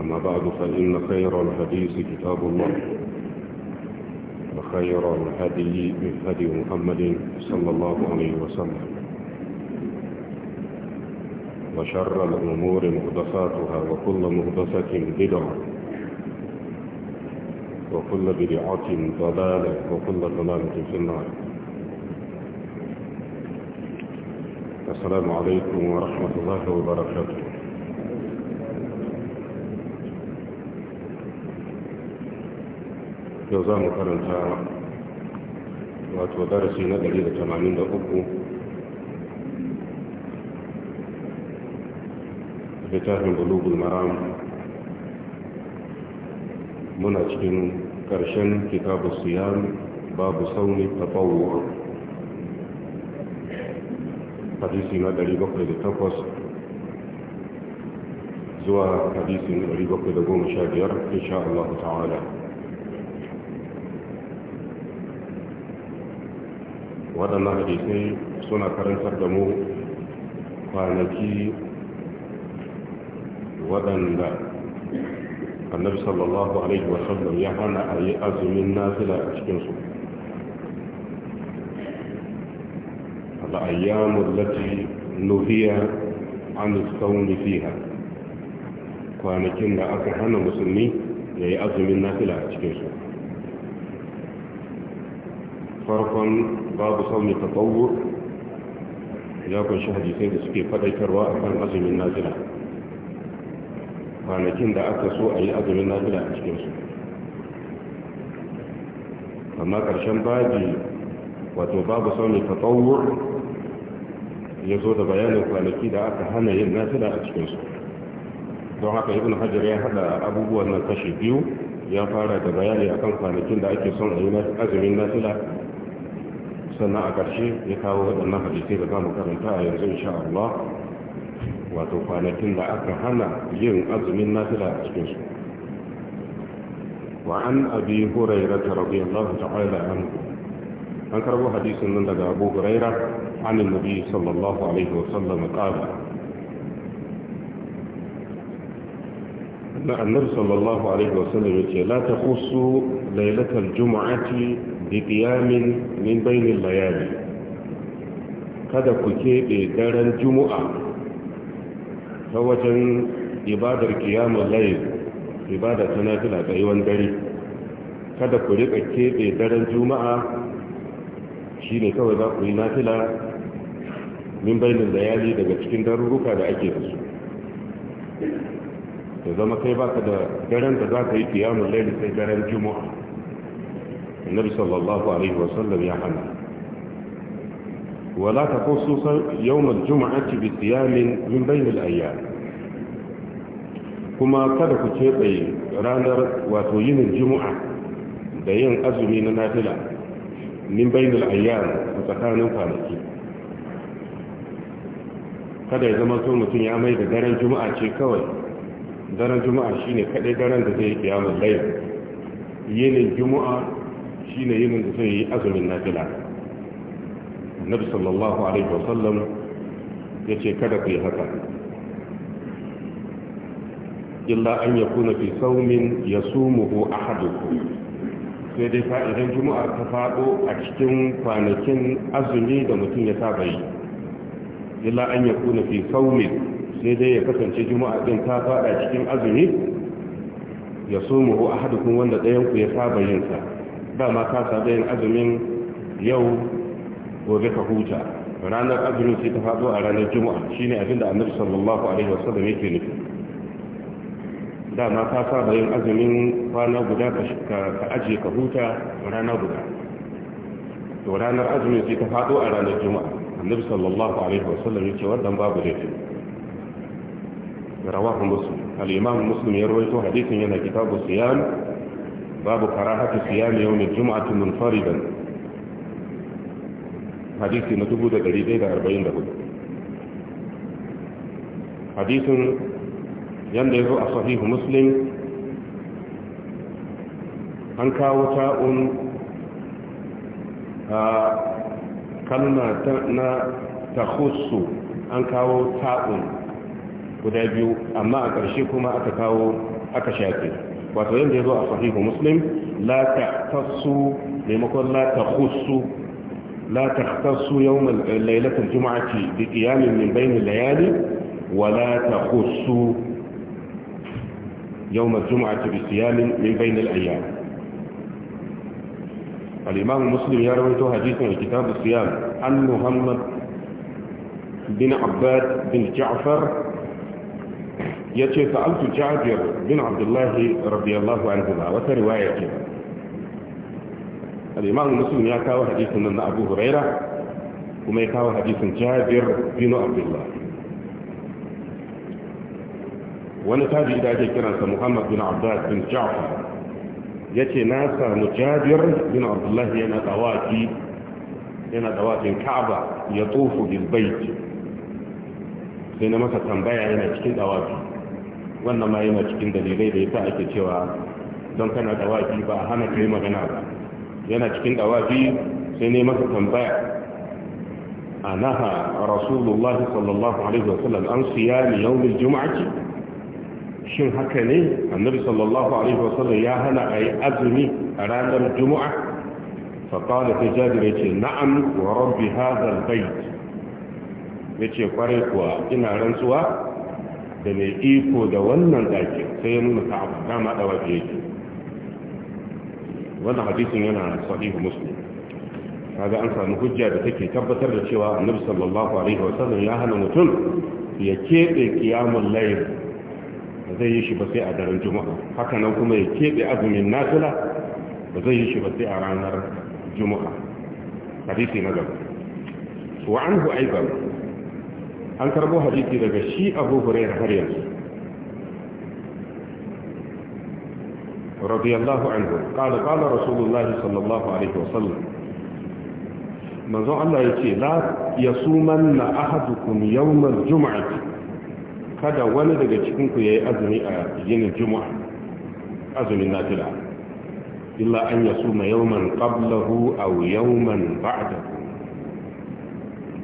أما بعد فإن خير الحديث كتاب الله وخير الهدي من هدي محمد صلى الله عليه وسلم وشر الأمور مهدفاتها وكل مهدفة بدعة وكل بدعة ضلالة وكل ضلالة في النار السلام عليكم ورحمة الله وبركاته yau za mu karanta wato darasi na 183 littafin bulugul maram muna cikin ƙarshen kitabu siyam babu sauni bawuwa hadisi na takwas. zuwa hadisi na 715 insha Allah ta'ala waɗannan hadisai suna karantar da mu kwanaki waɗanda annabi sallallahu alaihi wasallam ya hana a yi azumin nafila a cikinsu al'ayyamun nuhiya an tsauni fiha kwanakin da aka hana musulmi ya yi azumin nafila a cikinsu farkon babu sauni tatawu ya kunshi hadisai da suke faɗaitarwa a kan azumin nazila kwanakin da aka so a yi azumin nazila a cikinsu amma ƙarshen baji wato babu sauni tatawu ya zo da bayanin kwanaki da aka hana yin nazila a cikinsu don haka ibn hajar ya haɗa abubuwan nan kashi biyu ya fara da bayani akan kwanakin da ake son a yi azumin nazila sannan a ƙarshe ya kawo waɗannan hadisai da za mu karanta a yanzu insha Allah wato kwanakin da aka hana yin azumin nafila a cikin su wa an abi hurairah radiyallahu ta'ala anhu an karbo hadisin nan daga abu huraira an annabi sallallahu alaihi wa sallam qala na annabi sallallahu alaihi wasallam yace la taqussu lailatal jumu'ati bi qiyamin min bainil layali kada ku keɓe daren juma'a ta wajen ibadar qiyamul layl ibada ta nafila yawan dare kada ku rika keɓe daren juma'a shine kawai za ku yi nafila min bainin layali daga cikin daruruka da ake da su ya zama kai baka da daren da za ka yi kiyamun laili sai daren juma'a annabi sallallahu alaihi sallam ya hana wala ta kususan yawmar juma'a juma'ati bi siyamin min bainul ayyam kuma kada ku ce tsaye ranar wato yin juma'a da yin azumi na nafila min bainul ayyam a tsakanin kwanaki kada ya zama so mutum ya mai da daren juma'a ce kawai daren juma'a shine kadai daren da zai yi kiyamul layl yinin juma'a shine yinin da zai yi azumin nafila annabi sallallahu alaihi wasallam ce kada ku yi haka illa an ya yakuna fi sawmin a ahadukum sai dai fa'idan juma'ar ta fado a cikin kwanakin azumi da mutum ya saba yi illa an yakuna fi sawmin sai dai ya kasance juma'a din ta fada cikin azumi ya so mu a hadukun wanda ɗayanku ya saba yinsa dama ma kasa yin azumin yau gobe ka huta ranar azumin sai ta fado a ranar juma'a shine abin da annabi sallallahu alaihi wasallam yake nufi dama ka saba yin azumin kwana guda ka ajiye ka huta rana guda to ranar azumin sai ta fado a ranar juma'a annabi sallallahu alaihi wasallam yake wannan babu laifi رواه مسلم الإمام مسلم يروي حديث من كتاب الصيام باب كراهة صيام يوم الجمعة منفردا حديث ندبو دا دريدي دا أربعين دهود حديث يندر صحيح مسلم an kawo آه، كلمة تخص kalma na guda biyu amma a ƙarshe kuma aka kawo aka shafe wato yadda ya zo a sahihu muslim la ta tasu maimakon la ta tahussu la ta tasu yawmal lailatul jumu'ati bi qiyamin min bayn layali wa la ta tahussu yawmal jumu'ati bi siyamin min bayn al-ayyam al-imam muslim ya rawaito hadithan kitab as-siyam an muhammad bin abbad bin ja'far yace sa'altu Jabir bin Abdullah radiyallahu anhu ba wata riwaya ce al-Imam Muslim ya kawo hadisin nan na Abu Huraira kuma ya kawo hadisin Jabir bin Abdullah wani tabi da ake kiransa Muhammad bin Abbas bin Ja'far yace na samu Jabir bin Abdullah yana dawaki yana dawakin Ka'aba ya tufu bil bait sai na masa tambaya yana cikin dawaki wannan ma yana cikin dalilai da yasa ake cewa don kana dawafi ba a hana kai magana ba yana cikin dawafi sai ne masa tambaya A anaha rasulullah sallallahu alaihi wasallam an siya siyami yawmil jumu'ati shin haka ne annabi sallallahu alaihi wasallam ya hana a yi azumi a ranar juma'a فقال في جابر يتي نعم ورب هذا البيت yace kware kuwa ina rantsuwa da mai iko da wannan ɗakin sai ya nuna ka'aba dama ɗawa da yake wannan hadisin yana sahihu muslim kaga an samu hujja da take tabbatar da cewa annabi sallallahu alaihi wa sallam ya hana mutum ya keɓe qiyamul layl ba zai yi shi ba sai a daren juma'a haka nan kuma ya keɓe azumin nafila ba zai yi shi ba sai a ranar juma'a hadisi na gaba wa anhu an karbo hadisi daga shi abu hurairah har yanzu radiyallahu anhu qala qala rasulullah sallallahu alaihi wasallam manzon Allah yace la yasumanna ahadukum yawm al-jum'ah kada wani daga cikin ku yayi azumi a yinin juma'a azumin nafila illa an yasuma yawman qablahu aw yawman ba'dahu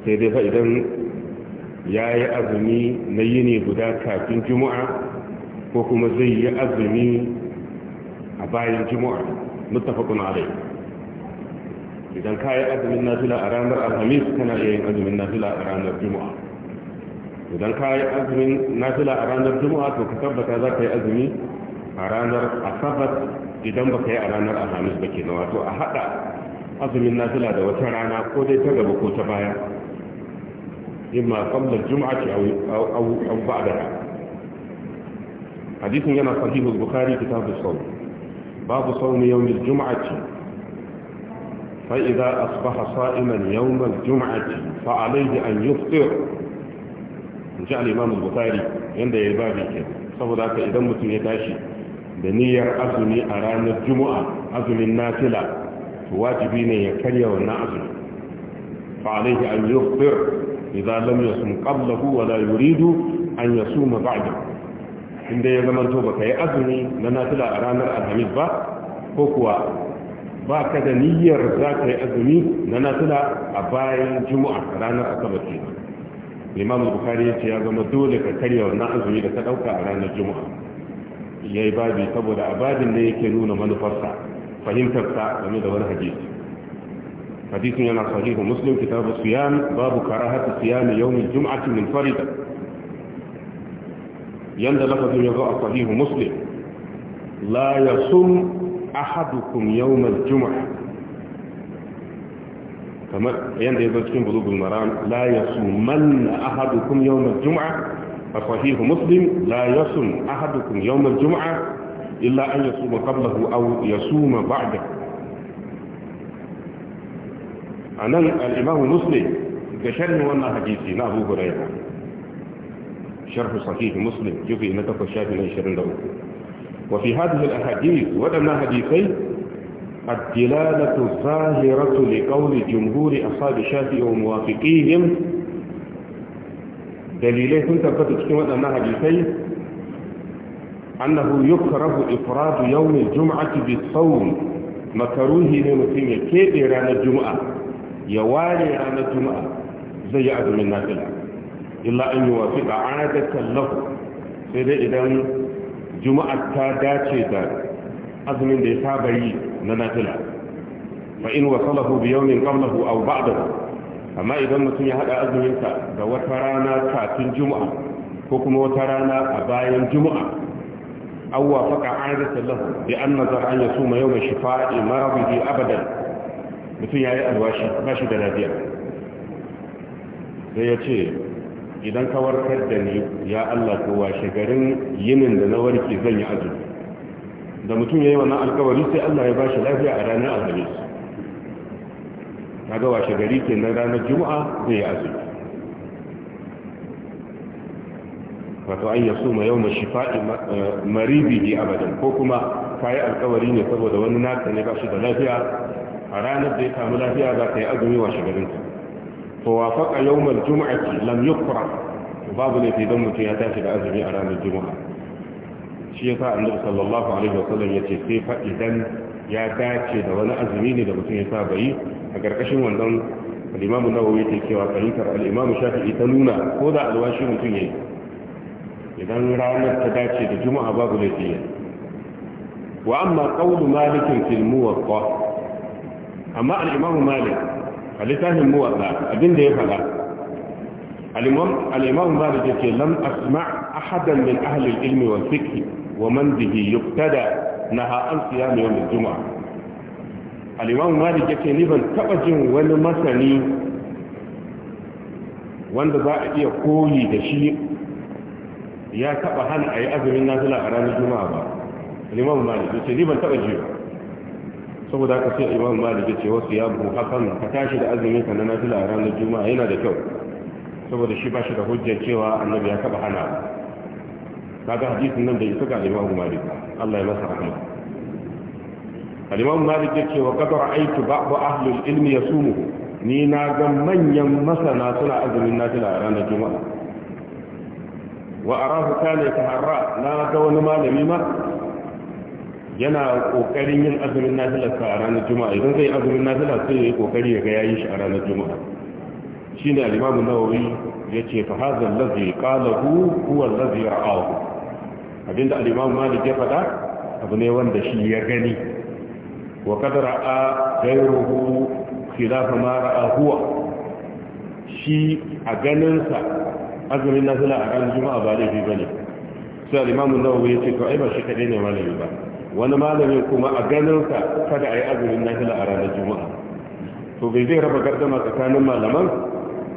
sai dai fa idan ya yi azumi na yini guda kafin juma'a ko kuma zai yi azumi a bayan juma'a mutafakun alai idan ka yi azumin nafila a ranar alhamis kana iya yin azumin nafila a ranar juma'a idan ka yi azumin nafila a ranar juma'a to ka tabbata za ka yi azumi a ranar asabar idan ba ka yi a ranar alhamis ba ke na wato a haɗa azumin nafila da wata rana ko dai ta gaba ko ta baya إما قبل الجمعة أو, أو, أو, أو بعدها حديث ينا صحيح البخاري كتاب الصوم باب صوم يوم الجمعة فإذا أصبح صائما يوم الجمعة فعليه أن يفطر إن شاء الإمام البخاري عند يندى يبابيك صفر ذات إذا متن يتاشي بنية أزمي أران الجمعة أزمي الناسلة واجبين يكني ونعزم فعليه أن يفطر idza lam kabla qablahu wa la yuridu an yasuma inda ya zama to baka yi azumi na nafila a ranar alhamis ba ko kuwa ba ka da niyyar za ka yi azumi na nafila a bayan juma'a ranar asabar ke imam bukari ya ce ya zama dole ka karya wannan azumi da ka ɗauka a ranar juma'a yayi babi saboda abadin ne yake nuna manufarsa fahimtarsa game da wani hadisi حديث من صحيح مسلم كتاب الصيام باب كراهة صيام يوم الجمعة منفردا يند لفظ يضاء صحيح مسلم لا يصوم أحدكم يوم الجمعة كما يند يضاء بلوغ المرام لا يصومن أحدكم يوم الجمعة فصحيح مسلم لا يصوم أحدكم يوم الجمعة إلا أن يصوم قبله أو يصوم بعده a nan al'imamu muslim ga sharhin wannan hadisi na abu huraira sharhu sahih muslim jufi na takwas shafi na 23 wa fi hadhihi al-ahadith wadannan hadisai الدلالة الظاهرة لقول جمهور أصحاب الشافعي وموافقيهم dalilai sun tabbata cikin waɗannan hadisai annahu yukrahu ifradu yawmin jum'ati bi sawm makaruhi ne mutum ya kebe ranar juma'a ya ware ranar juma'a zai yi azumin nafila illa an yi wafi a adatan lahu sai dai idan juma'a ta dace da azumin da ya saba yi na nafila fa in wasalahu bi yawmin qablahu aw ba'dahu amma idan mutum ya hada azuminsa da wata rana kafin juma'a ko kuma wata rana a bayan juma'a أو وافق عادة له لأن نظر أن يصوم يوم شفاء مرضه أبدا mutum ya yi alwashi ba shi da lafiya sai ya ce idan ka warkar da ni ya Allah ko washe garin yinin da na warke zan yi azumi da mutum ya yi wannan alkawari sai Allah ya ba shi lafiya a ranar alhamis kaga washe gari ke na ranar juma'a zai yi azumi wato an su ma yau mashifa'i eh, maribi ne abadan ko kuma ka yi alkawari ne saboda wani naka ne ba shi da lafiya a ranar da ya samu lafiya za ka yi azumi washe garinka to wafaka yawmal juma'ati lam yukra babu ne idan mutum ya tashi da azumi a ranar juma'a shi ya sa annabi sallallahu alaihi wasallam ya ce sai fa idan ya dace da wani azumi ne da mutum ya saba yi a karkashin wannan al-imam an-nawawi yake cewa kalitar al-imam shafi'i ta nuna ko da alwashi mutum yayi idan ranar ta dace da juma'a babu ne wa amma qawlu malikin fil muwatta amma al'imamu malik a littafin muwatsa abinda ya faɗa al'imamu malik ya ce lam asma ahadan min ahalin ilmi wa fiqh wa man bihi yuqtada naha an siya mai wani juma al-imam malik yace ni ban taba jin wani masani wanda za a iya koyi da shi ya taba hana yi azumin nafila a ranar juma'a ba al-imam da yace ni ban taba ji saboda haka sai imam malik ya ce wasu ya bu hakan ka tashi da azumin ka na nafila a ranar juma'a yana da kyau saboda shi ba shi da hujjar cewa annabi ya taba hana kaga hadisin nan da isa ga imam malik Allah ya masa rahama al-imam malik ya ce wa qad ra'aytu ba'd ahli al-ilm yasumuhu ni na ga manyan masana suna azumin nafila a ranar juma'a wa arahu kana yataharra na ga wani malami ma yana kokarin yin azumin nafilarsa a ranar juma'a idan zai azumin nafila sai ya yi kokari ya ga yayi shi a ranar juma'a shine al-imamu nawawi yace fa hadha allazi qalahu huwa allazi ra'ahu abinda al-imamu malik ya faɗa abu ne wanda shi ya gani wa qad ra'a ghayruhu khilafa ma ra'a shi a ganin sa azumin nafila a ranar juma'a ba laifi bane sai al-imamu nawawi yace to ai ba shi kadai ne malami ba wani malamin kuma a ganinsa kada a yi azumin nahila a ranar juma'a to bai zai raba gardama tsakanin malaman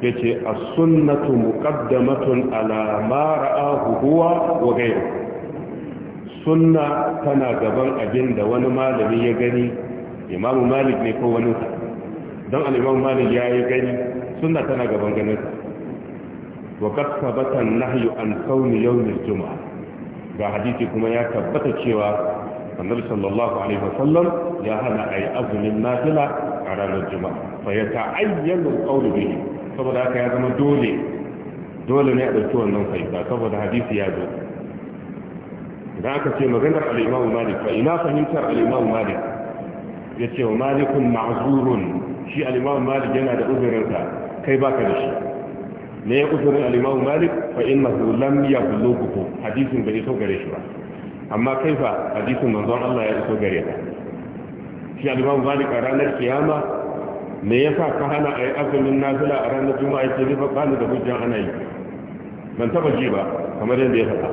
ya ce a sunnatu muqaddamatun ala ma ra'ahu huwa wa ghayru sunna tana gaban abin da wani malami ya gani imamu malik ne ko wani sa don al-imam malik ya yi gani sunna tana gaban ganin sa wa qad batan an-nahyu an sawmi yawm al-jum'ah ga hadisi kuma ya tabbata cewa annabi sallallahu alaihi wasallam ya hana ayi azumin nafila a ranar juma'a fa ya ta'ayyanu qawlu bihi saboda haka ya zama dole dole ne a dauki wannan fa'ida saboda hadisi ya zo idan aka ce maganar al-Imam Malik fa ina fahimtar al-Imam Malik ce wa malikun ma'zurun shi al-Imam Malik yana da uzurinsa kai baka da shi ne uzurin al-Imam Malik fa innahu lam yablughu hadisin bai so gare shi ba amma kai fa hadisin manzon Allah ya iso gare ka shi al-imam malik a ranar kiyama me ya sa ka hana a yi azumin nafila a ranar juma'a ce ni fa bani da hujjan ana yi ban taɓa ji ba kamar yadda ya faɗa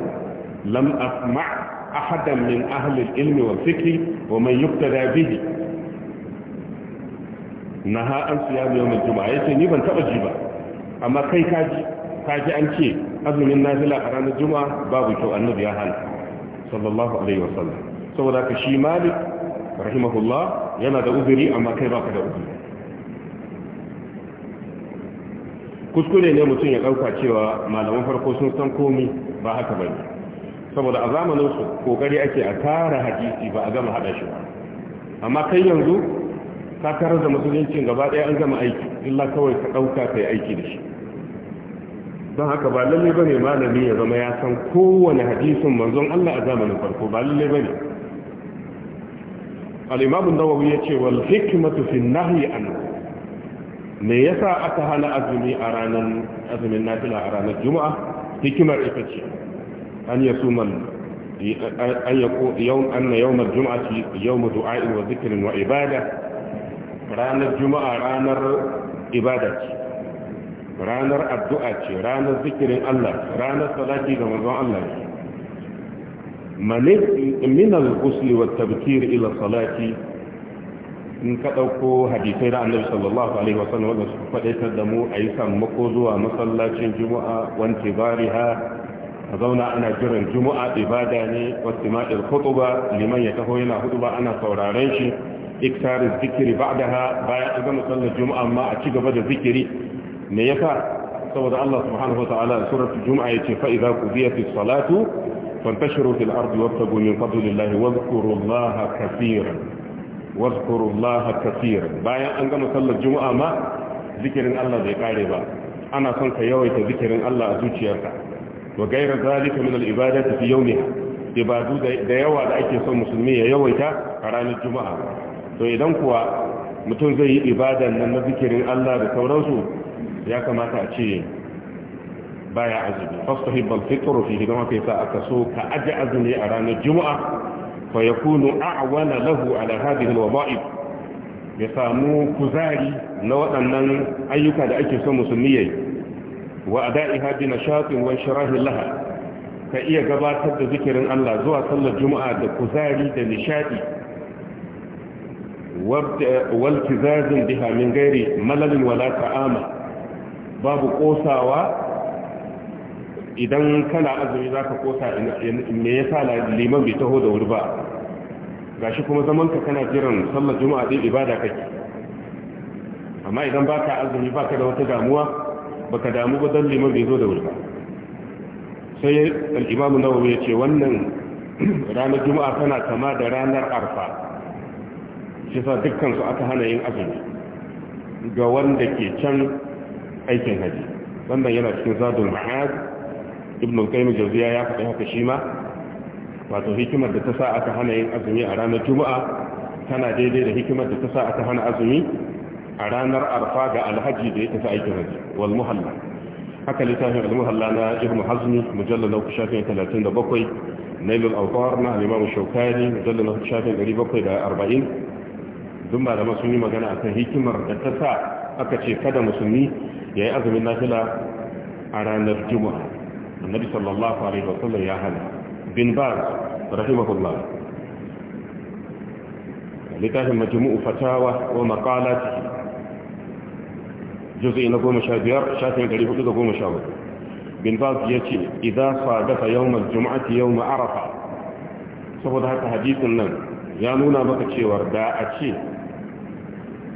lam asma ahadan min ahli al-ilmi wal fiqh wa man yuqtada bihi naha an siyam yawm al-juma'a yace ni ban taɓa ji ba amma kai ka kaji an ce azumin nafila a ranar juma'a babu kyau annabi ya hana sallallahu alaihi wasallam saboda ka shi malik rahimahullah yana da uzuri amma kai baka da uzuri kuskure ne mutum ya dauka cewa malaman farko sun san komai ba haka bane saboda a zamanin su kokari ake a tara hadisi ba a gama hada shi ba amma kai yanzu ka karar da musuluncin gaba daya an gama aiki illa kawai ka dauka kai aiki da shi don haka ba lalle bane malami ya zama ya san kowane hadisin manzon Allah a zamanin farko ba lalle bane al-imam an-nawawi yace wal hikmatu fi an-nahyi an me yasa aka hana azumi a ranar azumin nafila a ranar juma'a hikimar ita ce an ya yasuma an ya yaqu yawm anna yawm al-jum'ati yawm du'a'in wa dhikrin wa ibada ranar juma'a ranar ibada ce ranar addu'a ce ranar zikirin Allah ranar salati ga manzon Allah malik min al wa tabkir ila salati in ka dauko hadisai da annabi sallallahu alaihi wasallam wanda su fadaitar da mu ayi sammako zuwa masallacin juma'a wanti bariha a zauna ana jiran juma'a ibada ne wasu ma'il ba liman ya taho yana ba ana sauraren shi iktarin zikiri ba'daha bayan a gama sallar juma'a ma a ci gaba da zikiri me yasa saboda Allah subhanahu wataala a suratul juma'a yace fa idza qudiyatis salatu fantashiru fil ardi wabtagu min fadlillahi wadhkurullaha kaseeran wadhkurullaha kaseeran bayan an gama sallar juma'a ma zikirin Allah bai kare ba ana son ka yawaita zikirin Allah a zuciyarka wa ghayra zalika min al ibadati fi yawmiha ibadu da yawa da ake son musulmi ya yawaita a ranar juma'a to idan kuwa mutum zai yi ibada nan na zikirin Allah da sauransu ya kamata a ce baya azumi fastahibbal fitru fihi don haka yasa aka so ka aje azumi a ranar juma'a fa yakunu a'wana lahu ala hadhihi alwada'ib ya samu kuzari na waɗannan ayyuka da ake son musulmi yayi wa ada'iha bi nashatin wa shirahi laha ka iya gabatar da zikirin Allah zuwa sallar juma'a da kuzari da nishadi wal tizazin biha min gairi malalin wala ta'ama babu kosawa idan kana azumi zaka kosa me yasa liman bai taho da wuri ba gashi kuma zaman ka kana jiran sallar juma'a dai ibada kake amma idan baka azumi baka da wata damuwa baka damu ba dan liman bai zo da wuri ba sai al-imam nawawi ya ce wannan ranar juma'a kana kama da ranar arfa shi sa dukkansu aka hana yin azumi ga wanda ke can aikin haji wannan yana cikin zadul ma'ad ibn al-qayyim jawziya ya faɗi haka shi ma wato hikimar da ta sa aka hana yin azumi a ranar juma'a tana daidai da hikimar da ta sa aka hana azumi a ranar arfa ga alhaji da ya tafi aikin haji wal muhalla haka littafin al-muhalla na ibn hazmi mujallal na shafin 37 nailul awtar na al-imam shaukani mujallal na shafin 740 duk malama sun yi magana akan hikimar da ta sa aka ce kada musulmi ya yi azumin nafila a ranar juma'a annabi sallallahu alaihi wa sallam ya hana bin baz rahimahullah littafin majmu'u fatawa wa maqalat juz'i na 15 shafin 417 bin baz yace idza sadafa yawm al-jum'ati yawm arafa saboda haka hadisin nan ya nuna maka cewa da a ce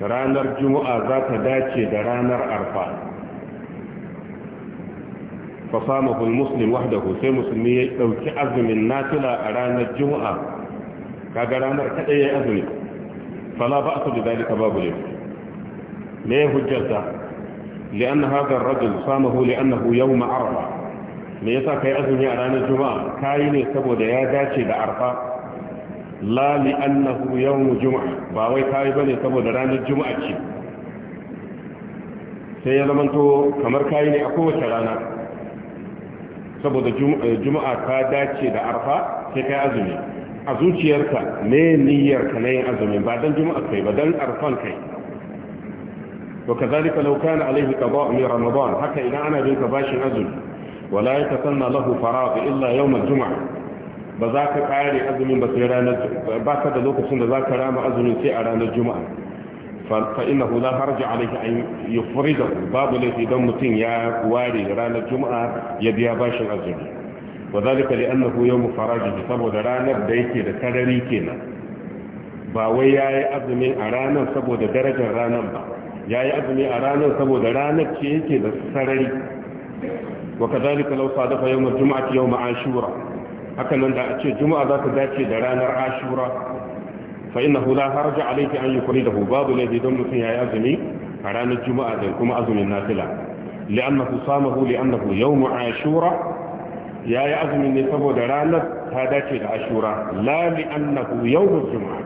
ranar juma'a za ta dace da ranar arfa fasamahul muslim wahdahu sai musulmi ya ɗauki azumin nafila a ranar juma'a kaga ranar kadai ya yi azumi fala ba su da dalika babu ne me ya hujjarta لأن هذا الرجل صامه لأنه يوم عرفة me yasa kai azumi a ranar juma'a kayi ne saboda ya dace da arfa la li annahu yawmu juma'a ba wai kai bane saboda ranar juma'a ce sai ya zamanto kamar kai ne a kowace rana saboda juma'a eh, ka dace da arfa sai kai azumi a zuciyarka ne niyyarka na yin azumi ba dan juma'a kai ba dan arfan kai to kazalika law kana alaihi qada'u min ramadan haka idan ana bin ka bashin azumi wala yatasanna lahu fara'id illa yawm al-jum'ah ba za ka kare azumin ba sai ranar ba ka da lokacin da za ka rama azumin sai a ranar juma'a fa inna hu la harja alayka an yufrida babu laifi dan mutum ya ware ranar juma'a ya biya bashin azumi wa zalika li annahu yawm faraji saboda ranar da yake da sarari kenan ba wai yayi azumin a ranar saboda darajar ranar ba yayi azumi a ranar saboda ranar ce yake da sarari wa kadhalika law sadafa yawm al-jum'ati yawm ashura Hakanan da a ce juma'a za ta dace da ranar ashura fa hula har harja alayki an yi yukridahu babu laifi don mutum yi azumi a ranar juma'a da kuma azumin nafila li'annahu samahu li'annahu yawm ashura yi azumin ne saboda ranar ta dace da ashura la li'annahu yawm juma'a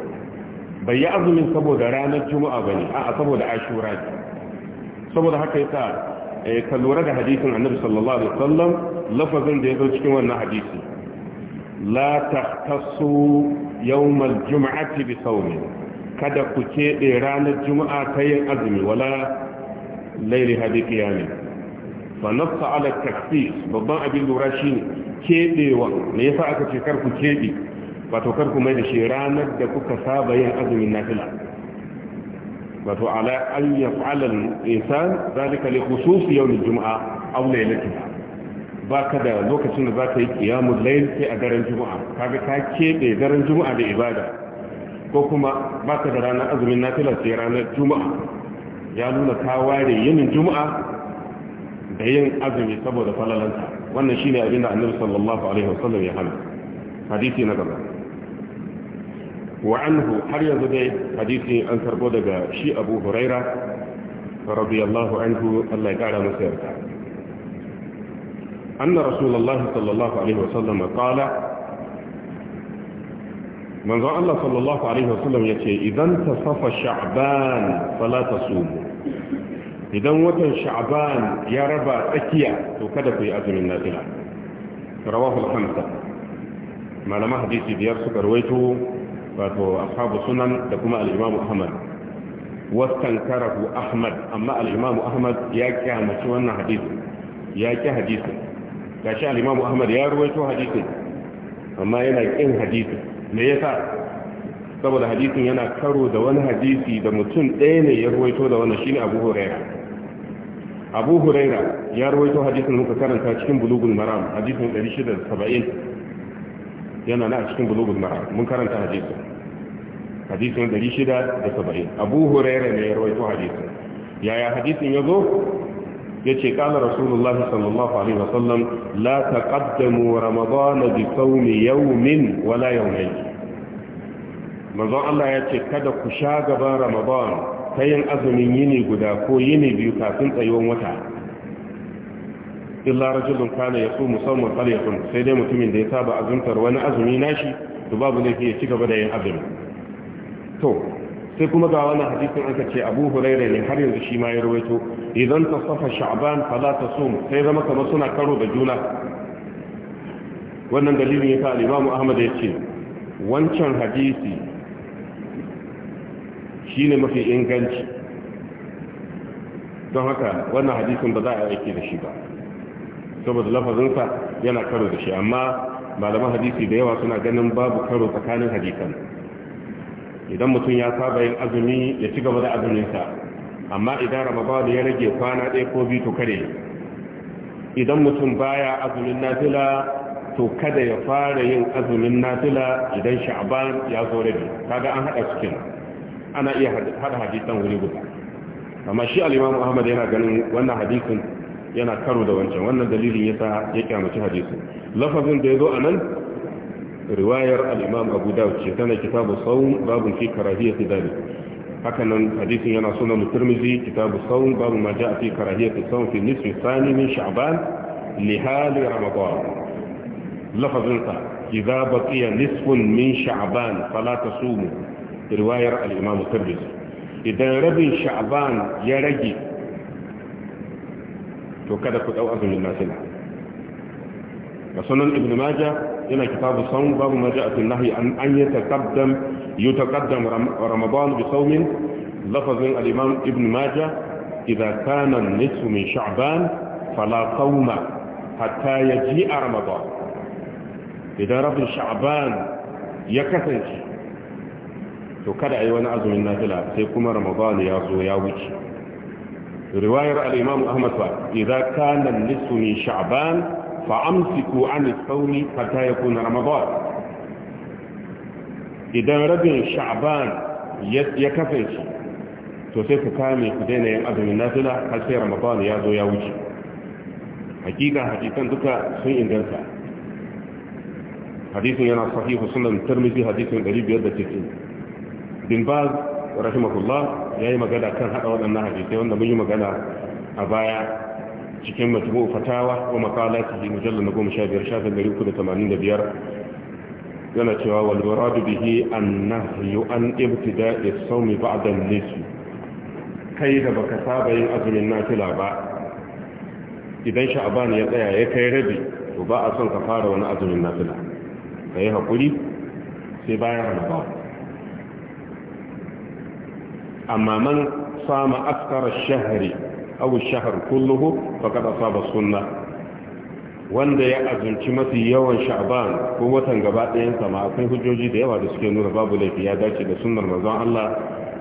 bai yi azumin saboda ranar juma'a bane a'a saboda ashura ne. saboda haka yasa eh, ka lura da hadisin annabi sallallahu alaihi wasallam lafazin da ya zo cikin wannan hadisi la tahtassu yawmal jum'ati bi sawmin kada ku keɓe ranar juma'a ta yin azumi wala laili hadi qiyami fa nafsa ala taksis babban abin lura shine keɓewa me yasa aka ce kar ku keɓe wato kar mai da shi ranar da kuka saba yin azumin nafila wato ala an yaf'ala al-insan zalika li ba ka da lokacin da za ka yi kiyamun layin sai a daren juma'a kaga ka keɓe daren juma'a da ibada ko kuma ba ka da ranar azumin nafila sai ranar juma'a ya nuna ka ware yinin juma'a da yin azumi saboda falalanta wannan shine abin da annabi sallallahu alaihi wasallam ya hana hadisi na gaba wa anhu har yanzu dai hadisi an karbo daga shi abu huraira radiyallahu anhu Allah ya kara masa yarda أن رسول الله صلى الله عليه وسلم قال من رأى الله صلى الله عليه وسلم يتي إذا انتصف شعبان فلا تصوم إذا وطن شعبان يا ربا أكيا وكذا في أزم النازلة رواه الخمسة ما لما حديثي ديار سكر ويتو أصحاب السنن لكما الإمام أحمد واستنكره أحمد أما الإمام أحمد يا كامة وانا حديث يا كهديث gashi al-Imam Ahmad ya ruwaito hadisin amma yana kin hadisin me yasa saboda hadisin yana karo da wani hadisi da mutum ɗaya ne ya ruwaito da wannan shine Abu Huraira Abu Huraira ya ruwaito hadisin muka karanta cikin Bulughul Maram hadisin 670 yana na cikin Bulughul Maram mun karanta hadisin hadisin 670 Abu Huraira ne ya ruwaito hadisin yaya hadisin ya zo Ya qala rasulullahi sallallahu alaihi wasallam la taqaddamu ramadan bi sawmi yawmin wala yawmayn manzo Allah ya ce kada ku sha gaban ramadan ta yin azumin yini guda ko yini biyu kafin tsayuwar wata illa rajulun kana yasumu sawman qaryatun sai dai mutumin da ya saba azumtar wani azumi nashi to babu laifi ya ci gaba da yin azumi to sai kuma ga wannan hadisin aka ce abu huraira ne har yanzu shi ma ya rawaito idan ta safa sha'ban fala ta sum sai zama kamar suna karo da juna wannan dalilin ya sa al ahmad ya ce wancan hadisi shine mafi inganci don haka wannan hadisin ba za a aiki da shi ba saboda lafazinsa yana karo da shi amma malaman hadisi da yawa suna ganin babu karo tsakanin hadisan idan mutum ya saba yin azumi ya ci gaba da azuminsa amma idan ramadan ya rage kwana ɗaya ko biyu to kare idan mutum baya azumin nafila to kada ya fara yin azumin nafila idan sha'ban ya zo rabi kaga an hada cikin ana iya hada hadisan wuri guda amma shi al-Imam Ahmad yana ganin wannan hadisin yana karo da wancan wannan dalilin yasa ya kyamaci hadisin lafazin da a nan. riwayar al-imam abu dawud ce tana kitabu sawm babu fi karahiyati dalik haka nan hadisin yana sunan tirmizi kitabu sawm babu ma ja'a fi karahiyati sawm fi nisfi thani min sha'ban li hali ramadan lafazin sa idza baqiya nisfun min sha'ban fala tasumu riwayar al-imam tirmizi idan rabin sha'ban ya rage to kada ku dau azumin nafila da sunan ibn majah هنا كتاب الصوم باب ما جاء في النهي عن أن يتقدم يتقدم رمضان بصوم لفظ الإمام ابن ماجه إذا كان النصف من شعبان فلا صوم حتى يجيء رمضان إذا رب شعبان يكتنش فكد أيوان أعزم النازلة سيقوم رمضان يا يا ياوش رواية الإمام أحمد إذا كان النصف من شعبان fa'amsiku an sauni hatta ya kuna ramadan idan rabin sha'ban ya kasance to sai ku kame ku daina yin azumin nasila har sai ramadan ya zo ya wuce hakika hakikan duka sun inganta hadisin yana sahihu sunan tirmidhi hadisin 590 bin baz rahimahullah yi magana kan haɗa waɗannan hadisai wanda mun yi magana a baya cikin majmu'u fatawa wa maqalatihi mujallal na goma sha biyar shafin gari da tamanin da biyar yana cewa wal yuradu bihi annahu yu'an ibtida'i sawmi ba'da al nisfi kai da baka saba yin azumin nafila ba idan sha'ban ya tsaya ya kai rabi to ba a son ka fara wani azumin nafila kai hakuri sai bayan hanaba amma man sama aksara shahri أو الشهر كله فقد أصاب السنة wanda ya azunci mafi yawan sha'ban ko watan gaba ɗayan sama akwai hujjoji da yawa da suke nuna babu laifi ya dace da sunnar manzon Allah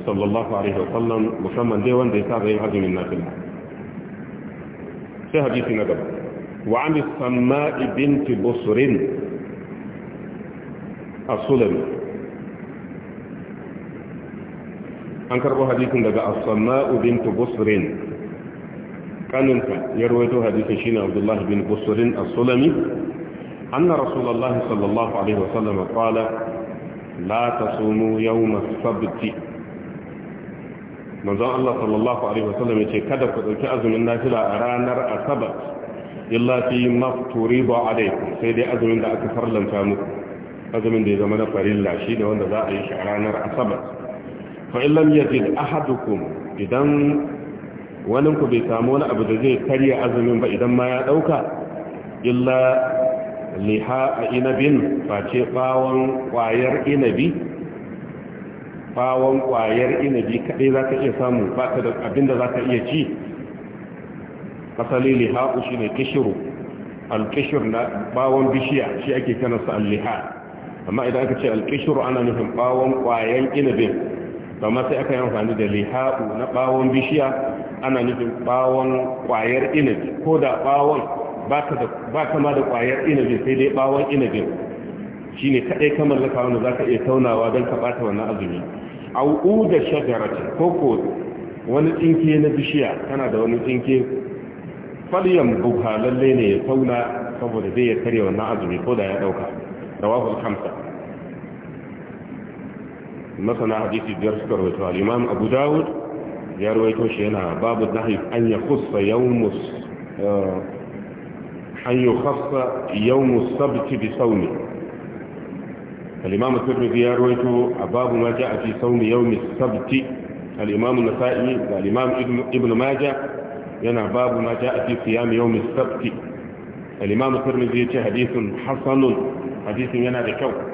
sallallahu alaihi wa sallam musamman dai wanda ya saba yin azumin nafila sai hadisi na gaba wa an samma'i binti busrin as-sulami an karbo hadisin daga as-samma'u binti busrin kaninka ya rawaito hadisin shine Abdullah bin Busurin as-Sulami anna Rasulullah sallallahu alaihi wa wasallam qala la tasumu yawm as-sabt manzon Allah sallallahu alaihi wa wasallam yace kada ku dauki azumin nafila a ranar asabar illa fi mafturiba alaikum sai dai azumin da aka farlanta muku azumin da ya zama na farilla shi da wanda za a yi shi a ranar asabar fa illam yajid ahadukum idan wani ku bai samu wani abu da zai karya azumin ba idan ma ya dauka illa liha inabin face bawon kwayar inabi bawon kwayar inabi kadai za ka iya samu ba ka da abinda za ka iya ci asali liha shi ne kishiru alkishir na bawon bishiya shi ake kanarsa liha amma idan aka ce alkishiru ana nufin bawon kwayan inabin to amma sai aka yi amfani da liha'u na bawon bishiya ana nufin bawon kwayar inabi ko da bawon ba ta ma da kwayar inabi sai dai bawon inabi shi ne kaɗai ka mallakawa wanda za ka iya taunawa don ka ɓata wannan azumi a da shagarata ko ko wani tsinke na bishiya tana da wani tsinke falyan buka lalle ne ya tauna saboda zai ya karya wannan azumi ko da ya ɗauka rawahu kamsa مثلا حديث الدرس كرويته الإمام أبو داود يرويته شينا باب النهي أن يخص يوم أن يخص يوم السبت بصومه الإمام الترمذي يرويته باب ما جاء في صوم يوم السبت الإمام النسائي الإمام ابن ماجة ينا باب ما جاء في صيام يوم السبت الإمام الترمذي حديث حسن حديث ينا لكوه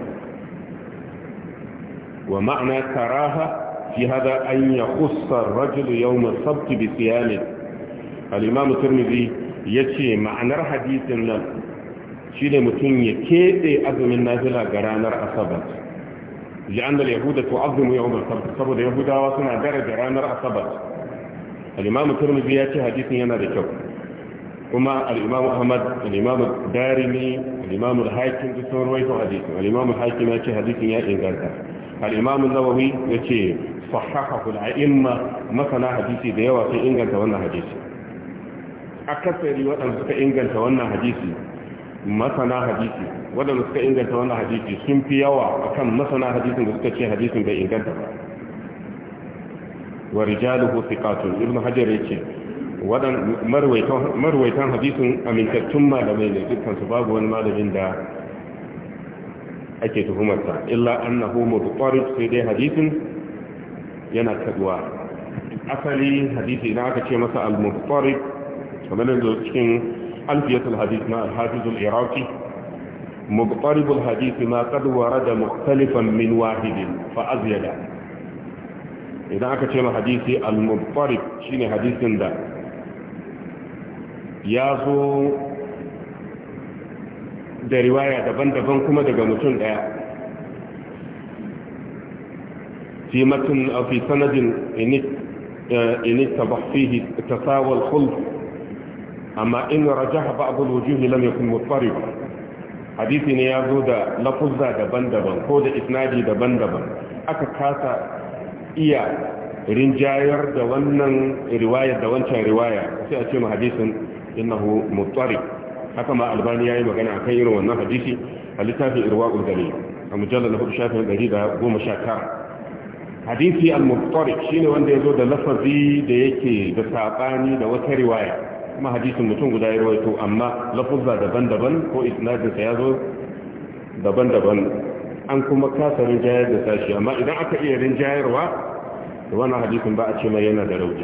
ومعنى كراهة في هذا أن يخص الرجل يوم السبت بصيام الإمام الترمذي يتي معنى حديث لنا شيء متن يكيد أزم النازلة قرانر أصبت لأن اليهود تعظم يوم السبت سبب اليهود وصنع دار رانر أصبت الإمام الترمذي يتي حديث ينا لكو كما الإمام أحمد الإمام الدارمي الإمام الحاكم بسور ويتو حديث الإمام الحاكم يتي حديث ينا إنجازة al-imam an-nawawi yace sahahahu al-a'imma masana hadisi da yawa sun inganta wannan hadisi A akasari waɗanda suka inganta wannan hadisi masana hadisi waɗanda suka inganta wannan hadisi sun fi yawa akan masana hadisin da suka ce hadisin bai inganta ba wa rijaluhu thiqatun ibn hajar yace waɗan marwaitan hadisin amintattun malamai ne dukkan su babu wani malamin da ake tuhumarsa illa annahu mutqarib sai dai hadisin yana kaduwa asali hadisi idan aka ce masa al-mutqarib kamar da cikin alfiyatul hadith na al-hafiz al-iraqi مضطرب الحديث ما قد ورد مختلفا من واحد فأزيد إذا أكا تشيما حديثي المضطرب شيني حديث دا يازو da riwaya daban-daban kuma daga mutum daya fi matn aw fi sanadin ta eh, tabah ta tasawal khulf amma in rajaha ba'd al-wujuh lam yakun mutarib hadisi ne ya zo da lafuzza daban-daban ko da isnadi daban-daban aka kasa iya rinjayar da wannan riwayar da wancan riwaya sai a ce ma hadisin innahu mutarib haka ma albani ya yi magana akan irin wannan hadisi a littafin irwa ulgani a mujallar na hudu shafin ɗari da goma sha tara hadisi al shi ne wanda ya zo da lafazi da yake da saɓani da wata riwaya kuma hadisin mutum guda ya rawaito amma lafuzza daban-daban ko isnadinsa ya zo daban-daban an kuma kasa rinjayar da sashi amma idan aka iya rinjayarwa da wannan hadisin ba a ce mai yana da rauni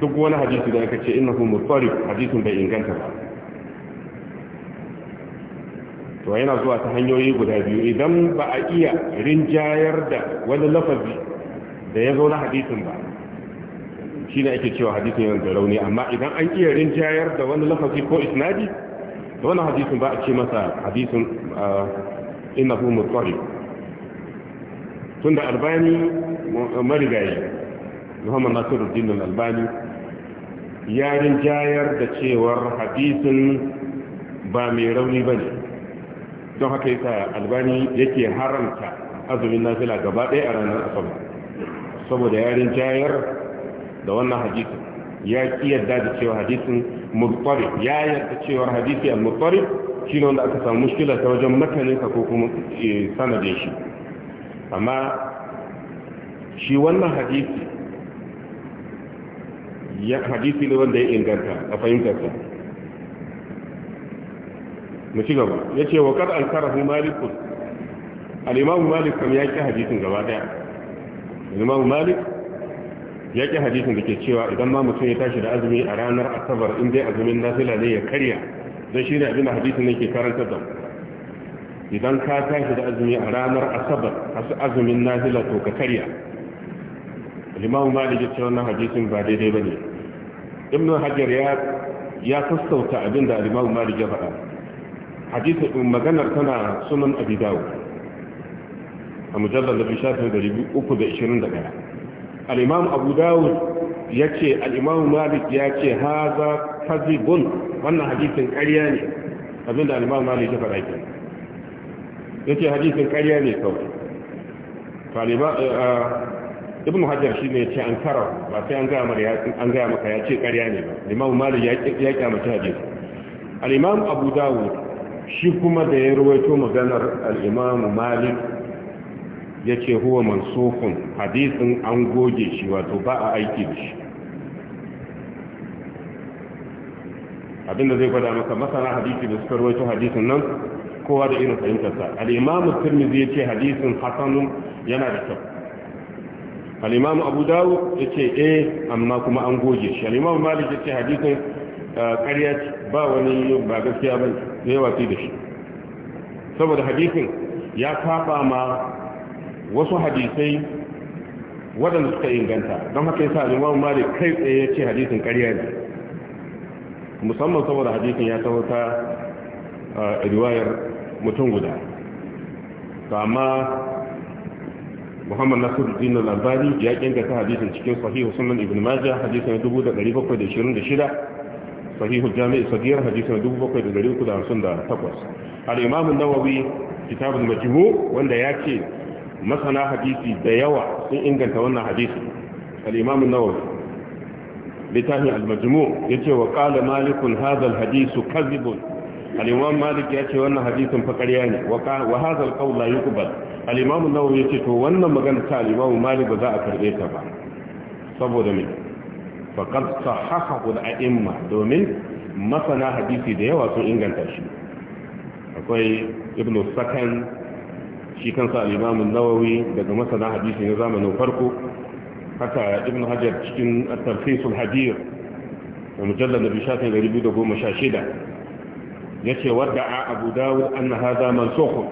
duk wani hadisi da aka ce innahu muftari hadisin bai inganta ba to yana zuwa ta hanyoyi guda biyu idan ba a iya rinjayar da wani lafazi da ya zo na hadisin ba shi ne ake cewa hadisin yana da rauni amma idan an iya rinjayar da wani lafazi ko isnadi da wani hadisin ba a ce masa hadisin ah, innahu mutsari tunda albani marigayi muhammad nasiru nasiruddin albani ya rinjayar da cewar hadisin ba mai rauni ba ne don haka yasa albani yake haramta azumin nafila gaba ɗaya a ranar asabar saboda yarin jayar da wannan hadisin ya ki yadda da cewa hadisin mutsari ya yadda cewa hadisi al mutsari shi ne wanda aka samu mushkila ta wajen ka ko kuma eh, sanadin shi amma shi wannan hadisi ya hadisi ne wanda ya inganta a fahimtar sa mu ci gaba ya ce wa kar an karahu malikun al'imamu malik kam ya ƙi hadisin gaba ɗaya al'imamu malik ya ƙi hadisin da ke cewa idan ma mutum ya tashi da azumi a ranar asabar in dai azumin nafila ne ya karya don shi ne abin da hadisin ne ke karanta da idan ka tashi da azumi a ranar asabar azumin nafila to ka karya al'imamu malik ya ce wannan hadisin ba daidai ba ne ibn hajar ya sassauta abin da al'imamu malik ya faɗa hadisi din maganar tana sunan abi dawud a mujallar da bishafin 321 al-imam abu dawud yace al-imam malik yace haza kadhibun wannan hadisin ƙarya ne abinda al-imam malik ya faɗa kenan yace hadisin ƙarya ne kawai taliba ibn hajjar shi ne ce an kara ba sai an gaya maka ya ce ƙarya ne ba limam malik ya kyamace hadisi al-imam abu dawud shi kuma da ya ruwaito maganar al'imamu malik ya ce huwa mansofin hadisin an goge shi wato ba a aiki da shi abinda zai gwada maka masana hadisi da suka ruwaito hadisin nan kowa da irin fahimtarsa al'imamu turmizi ya ce hadisin Hassanun yana da kyau al'imamu abu dawo ya ce eh amma kuma an goge shi al'imamu malik eh, ya ce hadisin ƙarya ba wani ba gaskiya ba ne ya watsi da shi saboda hadisin ya saba ma wasu hadisai waɗanda suka inganta don haka sa’adun Imam Malik kai tsaye ya ce hadisin ƙarya ne musamman saboda hadisin ya taho ta eh, riwayar mutum guda amma Muhammad Nasiru Dina labari ya ta hadisin cikin sahihu sunan Ibn Majah hadisin 1726 sahihul jami'i sagir hadisi na 7358 al-imam an-nawawi kitabul majmu' wanda yake masana hadisi da yawa sun inganta wannan hadisi al-imam an-nawawi litahi al-majmu' yace wa qala malikun hadha al-hadisu kadhibun al-imam malik yace wannan hadisin fa ƙarya ne wa hadha al-qawl la yuqbal al-imam an-nawawi yace to wannan magana ta al-imam malik ba za a karbe ta ba saboda me faqad sahahahu a imma domin masana hadisi da yawa sun inganta shi akwai ibnu sakan shi kansa al-imam nawawi daga masana hadisi na zamanin farko haka ibnu hajar cikin at-tarhis da mujallar da gari biyu da goma sha shida. Ya ce wadda a abu dawud An anna hadha mansukh